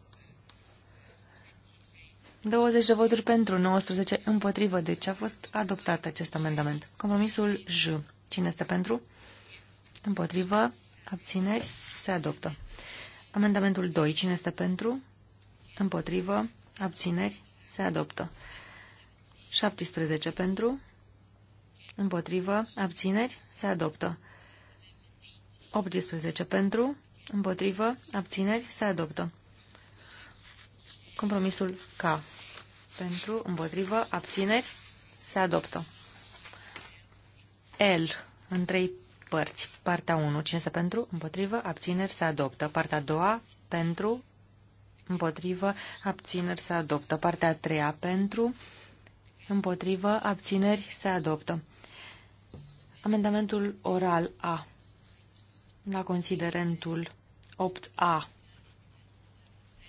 20 de voturi pentru, 19 împotrivă, deci a fost adoptat acest amendament. Compromisul J. Cine este pentru? Împotrivă, abțineri, se adoptă. Amendamentul 2. Cine este pentru? Împotrivă, abțineri, se adoptă. 17 pentru, împotrivă, abțineri, se adoptă. 18 pentru, împotrivă, abțineri, se adoptă. Compromisul K. Pentru, împotrivă, abțineri, se adoptă. L. În trei părți. Partea 1. Cine este pentru? Împotrivă. Abțineri. Se adoptă. Partea a doua. Pentru împotrivă, abțineri se adoptă. Partea a treia pentru, împotrivă, abțineri se adoptă. Amendamentul oral A la considerentul 8A.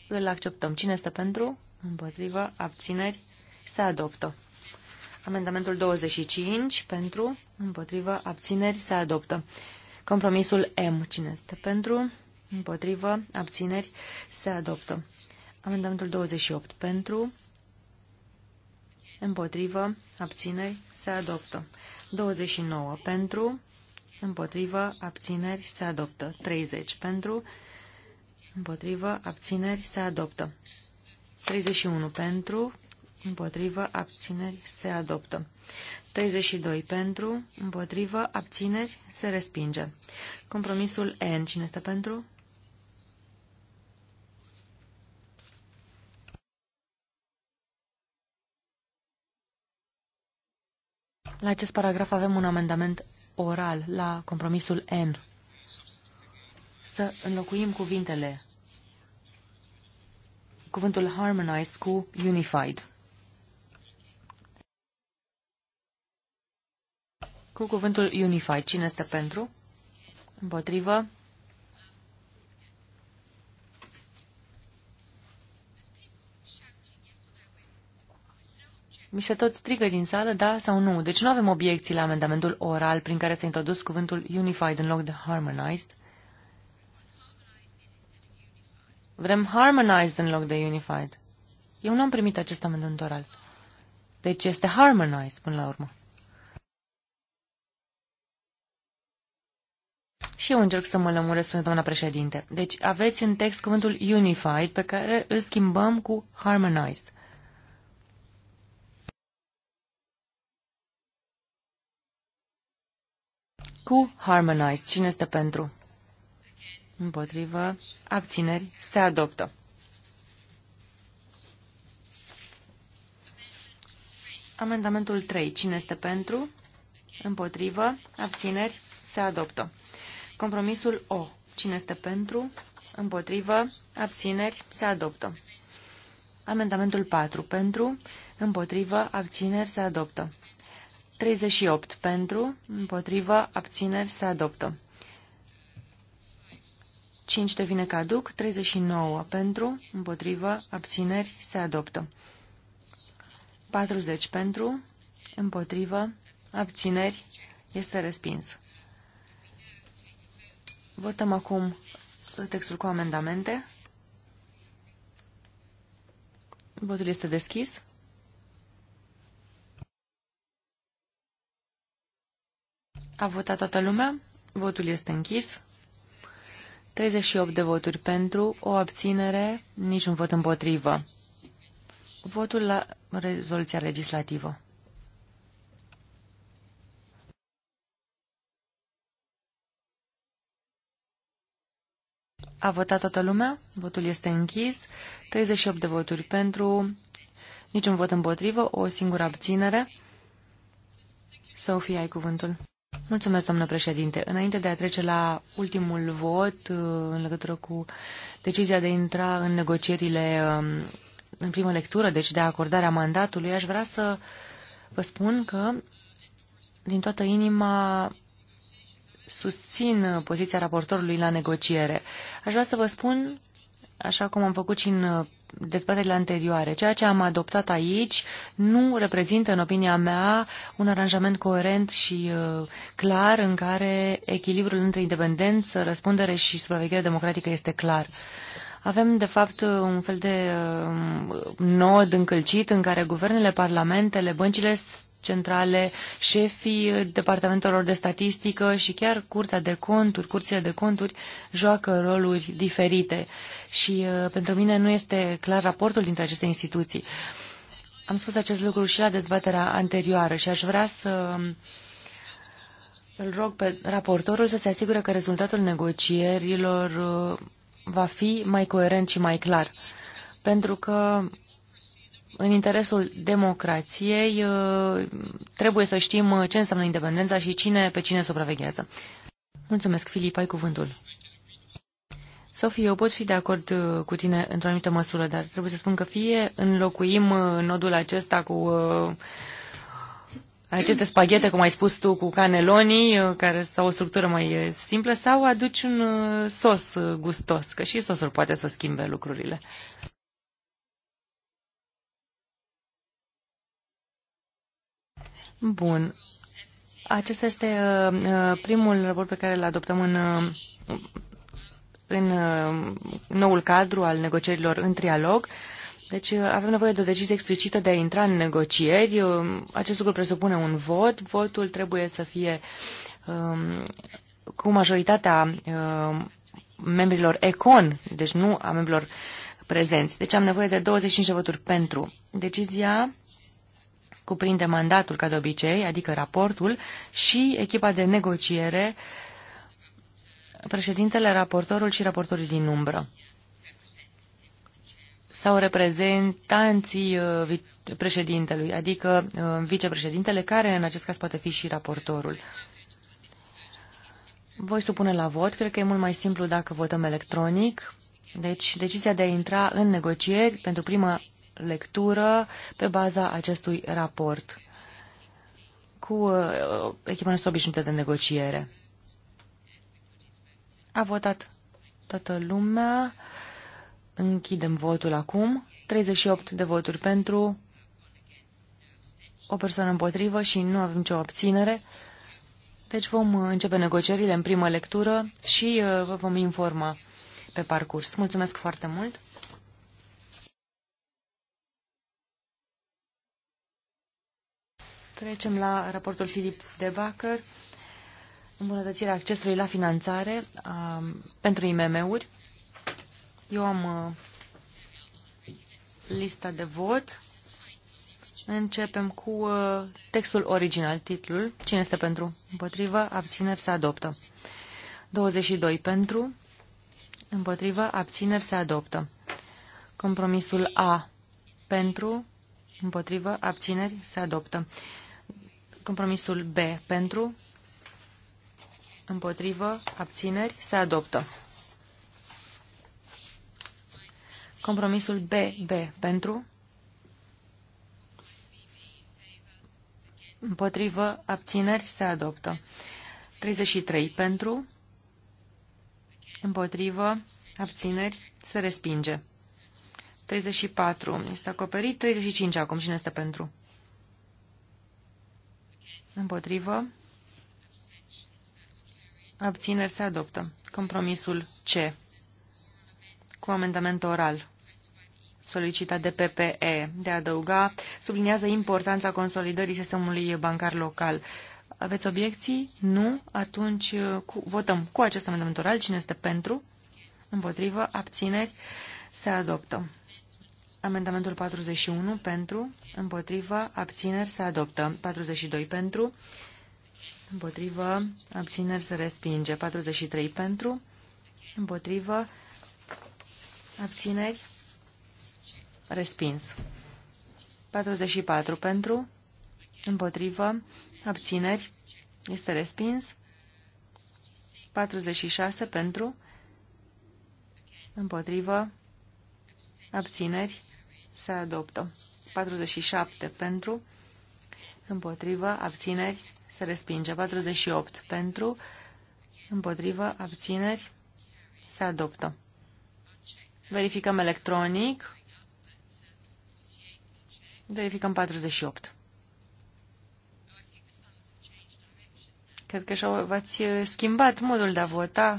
Îl acceptăm. Cine este pentru? Împotrivă, abțineri se adoptă. Amendamentul 25 pentru, împotrivă, abțineri se adoptă. Compromisul M. Cine este pentru? împotrivă, abțineri, se adoptă. Amendamentul 28 pentru, împotrivă, abțineri, se adoptă. 29 pentru, împotrivă, abțineri, se adoptă. 30 pentru, împotrivă, abțineri, se adoptă. 31 pentru, împotrivă, abțineri, se adoptă. 32 pentru, împotrivă, abțineri, se respinge. Compromisul N, cine este pentru? La acest paragraf avem un amendament oral la compromisul N. Să înlocuim cuvintele cuvântul harmonized cu unified. Cu cuvântul unified, cine este pentru? Împotrivă? Mi se tot strigă din sală, da sau nu. Deci nu avem obiecții la amendamentul oral prin care s-a introdus cuvântul unified în loc de harmonized. Vrem harmonized în loc de unified. Eu nu am primit acest amendament oral. Deci este harmonized până la urmă. Și eu încerc să mă lămuresc, spune doamna președinte. Deci aveți în text cuvântul unified pe care îl schimbăm cu harmonized. cu harmonized. Cine este pentru? Împotrivă. Abțineri. Se adoptă. Amendamentul 3. Cine este pentru? Împotrivă. Abțineri. Se adoptă. Compromisul O. Cine este pentru? Împotrivă. Abțineri. Se adoptă. Amendamentul 4. Pentru. Împotrivă. Abțineri. Se adoptă. 38 pentru, împotrivă, abțineri se adoptă. 5 devine caduc, 39 pentru, împotrivă, abțineri se adoptă. 40 pentru, împotrivă, abțineri este respins. Votăm acum textul cu amendamente. Votul este deschis. A votat toată lumea? Votul este închis. 38 de voturi pentru, o abținere, niciun vot împotrivă. Votul la rezoluția legislativă. A votat toată lumea, votul este închis, 38 de voturi pentru, niciun vot împotrivă, o singură abținere. Sofia, ai cuvântul. Mulțumesc, doamnă președinte. Înainte de a trece la ultimul vot uh, în legătură cu decizia de a intra în negocierile um, în primă lectură, deci de acordarea mandatului, aș vrea să vă spun că din toată inima susțin poziția raportorului la negociere. Aș vrea să vă spun, așa cum am făcut și în uh, dezbaterile anterioare. Ceea ce am adoptat aici nu reprezintă, în opinia mea, un aranjament coerent și uh, clar în care echilibrul între independență, răspundere și supraveghere democratică este clar. Avem, de fapt, un fel de uh, nod încălcit în care guvernele, parlamentele, băncile centrale, șefii departamentelor de statistică și chiar curtea de conturi, curțile de conturi joacă roluri diferite și uh, pentru mine nu este clar raportul dintre aceste instituții. Am spus acest lucru și la dezbaterea anterioară și aș vrea să um, îl rog pe raportorul să se asigure că rezultatul negocierilor uh, va fi mai coerent și mai clar. Pentru că în interesul democrației uh, trebuie să știm uh, ce înseamnă independența și cine pe cine supraveghează. Mulțumesc, Filip, ai cuvântul. Sofie, eu pot fi de acord uh, cu tine într-o anumită măsură, dar trebuie să spun că fie înlocuim nodul acesta cu aceste spaghete, cum ai spus tu, cu canelonii, care sau o structură mai simplă, sau aduci un sos gustos, că și sosul poate să schimbe lucrurile. Bun. Acesta este uh, uh, primul raport pe care îl adoptăm în, uh, în noul cadru al negocierilor în trialog. Deci avem nevoie de o decizie explicită de a intra în negocieri. acest lucru presupune un vot. Votul trebuie să fie um, cu majoritatea um, membrilor ECON, deci nu a membrilor prezenți. Deci am nevoie de 25 voturi pentru. Decizia cuprinde mandatul, ca de obicei, adică raportul, și echipa de negociere, președintele, raportorul și raportorii din umbră sau reprezentanții uh, președintelui, adică uh, vicepreședintele, care în acest caz poate fi și raportorul. Voi supune la vot, cred că e mult mai simplu dacă votăm electronic. Deci, decizia de a intra în negocieri pentru prima lectură pe baza acestui raport cu uh, echipa noastră obișnuită de negociere. A votat toată lumea. Închidem votul acum. 38 de voturi pentru, o persoană împotrivă și nu avem nicio obținere. Deci vom începe negocierile în primă lectură și uh, vă vom informa pe parcurs. Mulțumesc foarte mult! Trecem la raportul Filip de Bacăr, îmbunătățirea accesului la finanțare uh, pentru IMM-uri. Eu am uh, lista de vot. Începem cu uh, textul original, titlul. Cine este pentru? Împotrivă, abțineri, se adoptă. 22 pentru, împotrivă, abțineri, se adoptă. Compromisul A pentru, împotrivă, abțineri, se adoptă. Compromisul B pentru, împotrivă, abțineri, se adoptă. Compromisul B B pentru, împotrivă, abțineri, se adoptă. 33 pentru, împotrivă, abțineri, se respinge. 34 este acoperit, 35 acum, cine este pentru? Împotrivă. Abțineri se adoptă. Compromisul C. Cu amendament oral solicitat de PPE de a adăuga, subliniază importanța consolidării sistemului bancar local. Aveți obiecții? Nu? Atunci uh, cu, votăm cu acest amendament oral. Cine este pentru? Împotrivă? Abțineri? Se adoptă. Amendamentul 41 pentru, împotrivă, abțineri se adoptă. 42 pentru, împotrivă, abțineri se respinge. 43 pentru, împotrivă, abțineri, respins. 44 pentru, împotrivă, abțineri, este respins. 46 pentru, împotrivă, abțineri, se adoptă. 47 pentru, împotrivă, abțineri, se respinge. 48 pentru, împotrivă, abțineri, se adoptă. Verificăm electronic. Verificăm 48. Cred că și v-ați schimbat modul de a vota.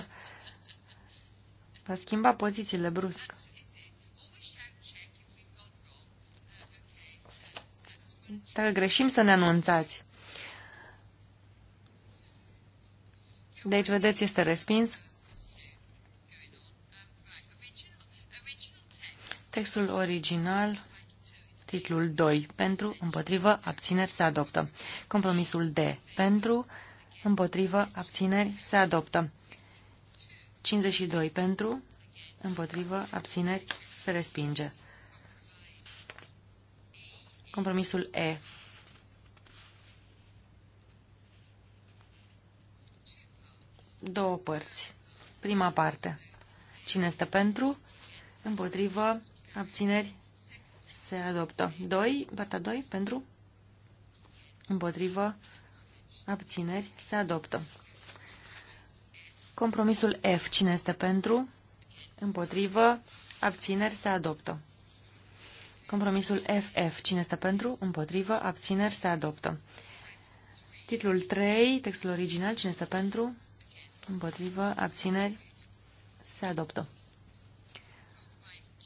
V-ați schimbat pozițiile brusc. Dacă greșim să ne anunțați. Deci, vedeți, este respins. Textul original, titlul 2, pentru, împotrivă, abțineri se adoptă. Compromisul D, pentru, împotrivă, abțineri se adoptă. 52 pentru, împotrivă, abțineri se respinge. Compromisul E. Două părți. Prima parte. Cine este pentru? Împotrivă. Abțineri. Se adoptă. 2. Partea 2. Pentru. Împotrivă. Abțineri. Se adoptă. Compromisul F. Cine este pentru? Împotrivă. Abțineri. Se adoptă. Compromisul FF. Cine este pentru? Împotrivă. Abțineri se adoptă. Titlul 3, textul original. Cine este pentru? Împotrivă. Abțineri se adoptă.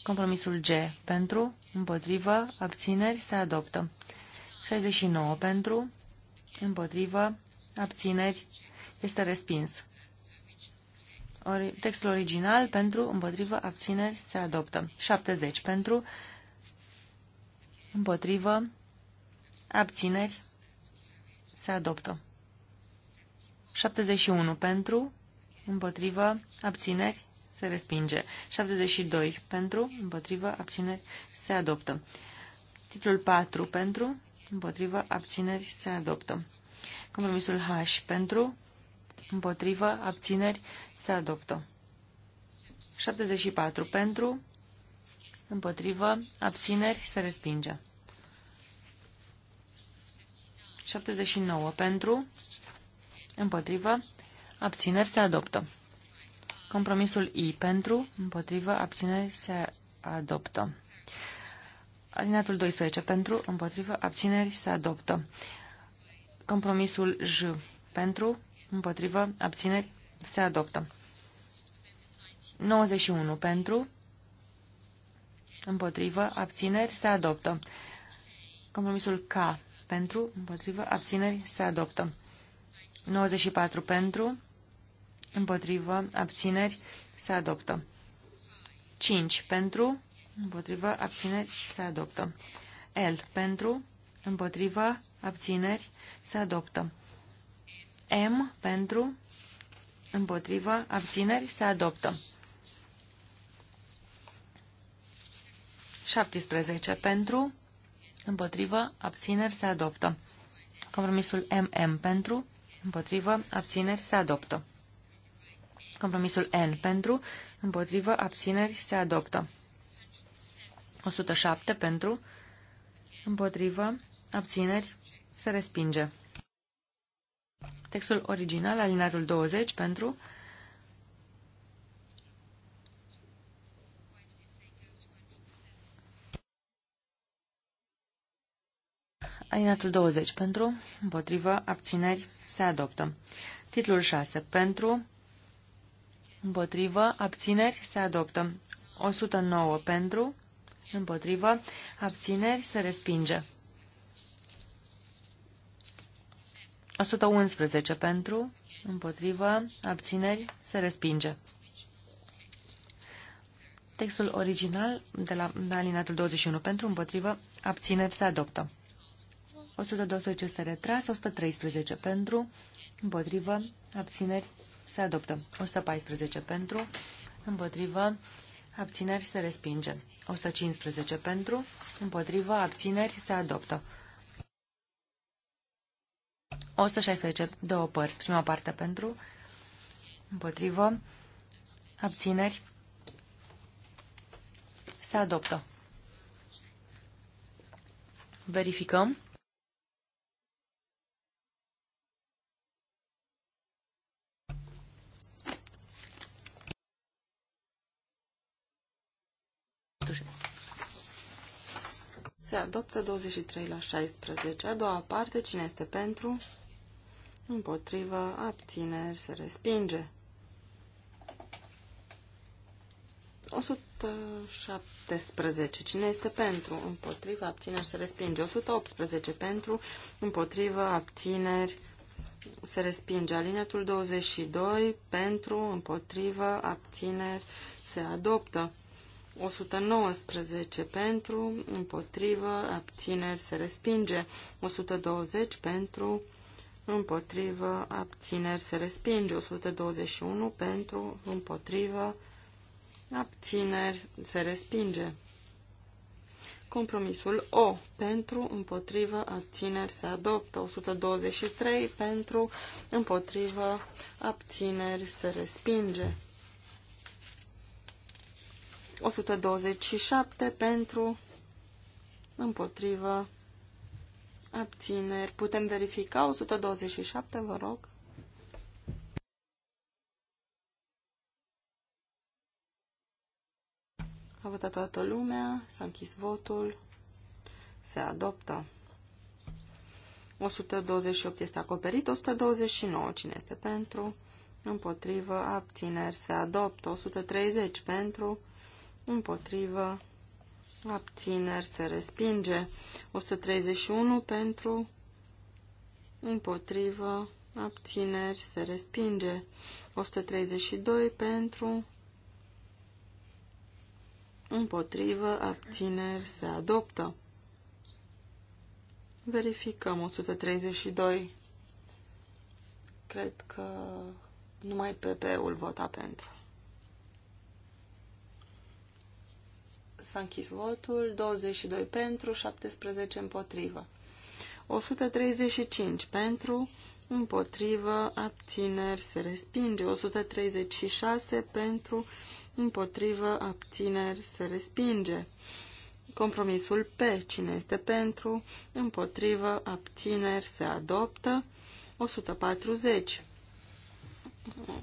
Compromisul G. Pentru, împotrivă, abțineri, se adoptă. 69 pentru, împotrivă, abțineri, este respins. Ori, textul original, pentru, împotrivă, abțineri, se adoptă. 70 pentru, Împotrivă. Abțineri. Se adoptă. 71 pentru. Împotrivă. Abțineri. Se respinge. 72 pentru. Împotrivă. Abțineri. Se adoptă. Titlul 4 pentru. Împotrivă. Abțineri. Se adoptă. Compromisul H pentru. Împotrivă. Abțineri. Se adoptă. 74 pentru împotrivă, abțineri, se respinge. 79 pentru, împotrivă, abțineri, se adoptă. Compromisul I pentru, împotrivă, abțineri, se adoptă. Alineatul 12 pentru, împotrivă, abțineri, se adoptă. Compromisul J pentru, împotrivă, abțineri, se adoptă. 91 pentru, împotrivă, abțineri, se adoptă. Compromisul K, pentru, împotrivă, abțineri, se adoptă. 94 pentru, împotrivă, abțineri, se adoptă. 5 pentru, împotrivă, abțineri, se adoptă. L pentru, împotrivă, abțineri, se adoptă. M pentru, împotrivă, abțineri, se adoptă. 17 pentru, împotrivă, abțineri se adoptă. Compromisul MM pentru, împotrivă, abțineri se adoptă. Compromisul N pentru, împotrivă, abțineri se adoptă. 107 pentru, împotrivă, abțineri se respinge. Textul original, alinatul 20 pentru, Alinatul 20 pentru, împotrivă, abțineri, se adoptă. Titlul 6 pentru, împotrivă, abțineri, se adoptă. 109 pentru, împotrivă, abțineri, se respinge. 111 pentru, împotrivă, abțineri, se respinge. Textul original de la alinatul 21 pentru, împotrivă, abțineri, se adoptă. 112 este retras, 113 pentru, împotrivă, abțineri, se adoptă. 114 pentru, împotrivă, abțineri, se respinge. 115 pentru, împotrivă, abțineri, se adoptă. 116, două părți, prima parte pentru, împotrivă, abțineri, se adoptă. Verificăm. Se adoptă 23 la 16. A doua parte, cine este pentru? Împotrivă, abțineri, se respinge. 117. Cine este pentru? Împotrivă, abțineri, se respinge. 118. Pentru, împotrivă, abțineri, se respinge. Alinetul 22. Pentru, împotrivă, abțineri, se adoptă. 119 pentru, împotrivă, abțineri se respinge. 120 pentru, împotrivă, abțineri se respinge. 121 pentru, împotrivă, abțineri se respinge. Compromisul O pentru, împotrivă, abțineri se adoptă. 123 pentru, împotrivă, abțineri se respinge. 127 pentru, împotrivă, abțineri. Putem verifica 127, vă rog. A votat toată lumea, s-a închis votul, se adoptă. 128 este acoperit, 129 cine este pentru, împotrivă, abțineri, se adoptă, 130 pentru, împotrivă, abțineri, se respinge. 131 pentru, împotrivă, abțineri, se respinge. 132 pentru, împotrivă, abțineri, se adoptă. Verificăm 132. Cred că numai PP-ul vota pentru. S-a închis votul. 22 pentru, 17 împotrivă. 135 pentru, împotrivă, abțineri, se respinge. 136 pentru, împotrivă, abțineri, se respinge. Compromisul P. Cine este pentru? Împotrivă, abțineri, se adoptă. 140.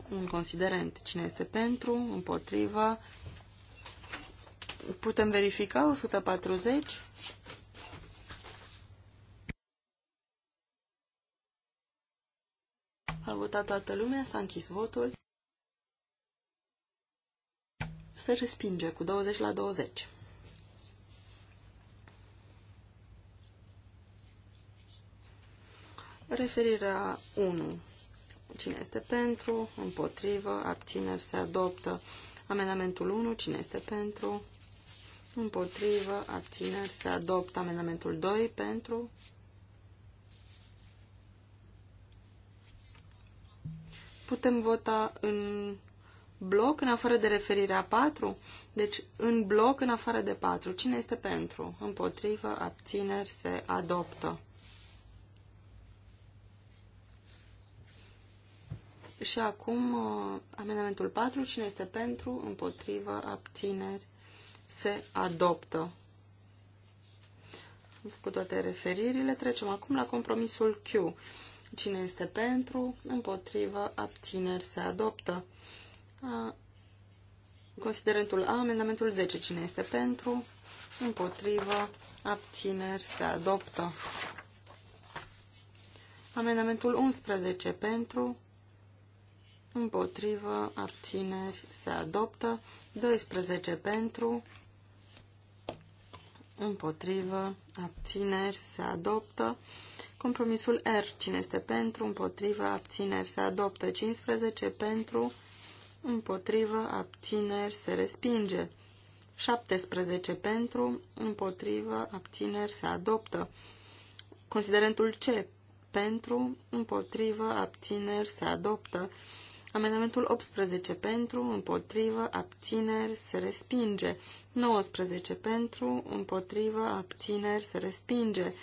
Un considerent. Cine este pentru? Împotrivă, Putem verifica 140? A votat toată lumea, s-a închis votul. Se respinge cu 20 la 20. Referirea 1. Cine este pentru? Împotrivă? Abțineri? Se adoptă. Amendamentul 1. Cine este pentru? împotrivă, abțineri, se adoptă amendamentul 2 pentru, putem vota în bloc, în afară de referirea 4, deci în bloc, în afară de 4. Cine este pentru? Împotrivă, abțineri, se adoptă. Și acum uh, amendamentul 4. Cine este pentru? Împotrivă, abțineri, se adoptă. Cu toate referirile, trecem acum la compromisul Q. Cine este pentru, împotrivă, abțineri, se adoptă. considerentul A, amendamentul 10. Cine este pentru, împotrivă, abțineri, se adoptă. Amendamentul 11 pentru, împotrivă, abțineri, se adoptă. 12 pentru, împotrivă, abțineri, se adoptă. Compromisul R, cine este pentru, împotrivă, abțineri, se adoptă. 15 pentru, împotrivă, abțineri, se respinge. 17 pentru, împotrivă, abțineri, se adoptă. Considerentul C, pentru, împotrivă, abțineri, se adoptă. Amendamentul 18 pentru, împotrivă, abțineri, se respinge. 19 pentru, împotrivă, abțineri, se respinge.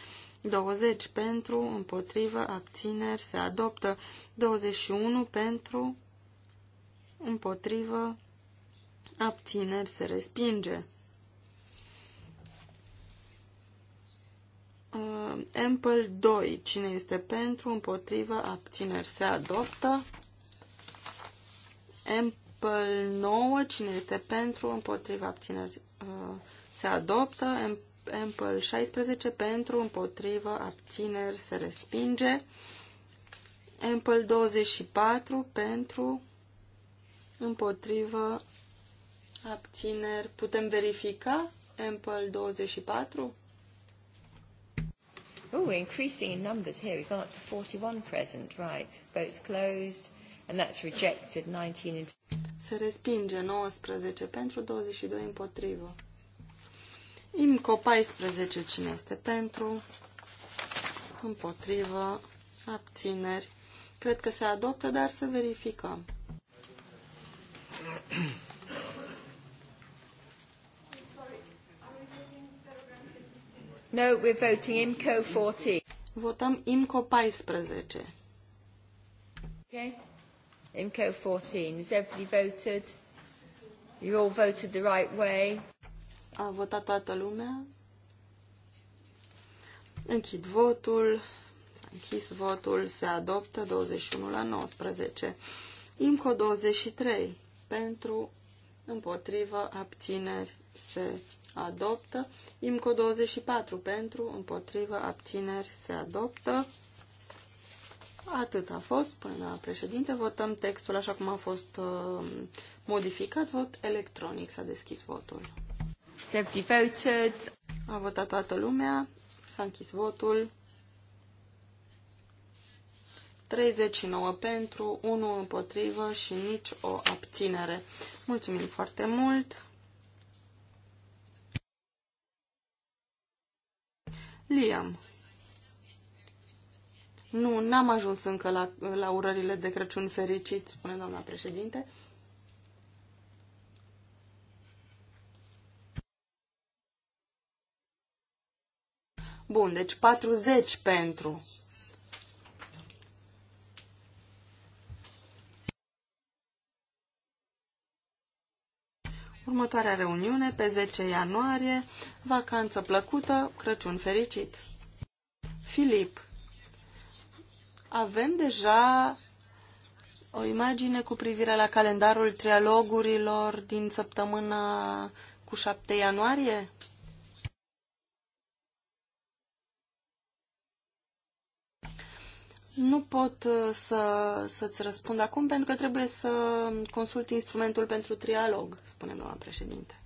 20 pentru, împotrivă, abțineri, se adoptă. 21 pentru, împotrivă, abțineri, se respinge. Uh, Ample 2. Cine este pentru, împotrivă, abțineri, se adoptă. Ample 9, cine este pentru, împotriva abțineri uh, se adoptă. Ample 16, pentru, împotriva abțineri se respinge. Ample 24, pentru, împotrivă, abțineri. Putem verifica Ample 24? Oh, we're increasing in numbers here. We've gone up to 41 present, right. Votes closed and that's rejected 19 Se respinge 19 pentru 22 împotrivă. IMCO 14 cine este pentru împotrivă abțineri. Cred că se adoptă, dar să verificăm. No, we're voting IMCO 14. Votăm IMCO 14. Okay. IMCO 14. Has everybody voted? You all voted the right way? A votat toată lumea. Închid votul. S-a închis votul. Se adoptă 21 la 19. IMCO 23. Pentru, împotrivă, abțineri se adoptă. IMCO 24. Pentru, împotrivă, abțineri se adoptă. Atât a fost până la președinte. Votăm textul așa cum a fost uh, modificat. Vot electronic. S-a deschis votul. voted. A votat toată lumea. S-a închis votul. 39 pentru, 1 împotrivă și nici o abținere. Mulțumim foarte mult! Liam nu, n-am ajuns încă la, la urările de Crăciun fericit, spune doamna președinte. Bun, deci 40 pentru. Următoarea reuniune, pe 10 ianuarie, vacanță plăcută, Crăciun fericit. Filip avem deja o imagine cu privire la calendarul trialogurilor din săptămâna cu 7 ianuarie? Nu pot uh, să, să-ți răspund acum pentru că trebuie să consult instrumentul pentru trialog, spune doamna președinte.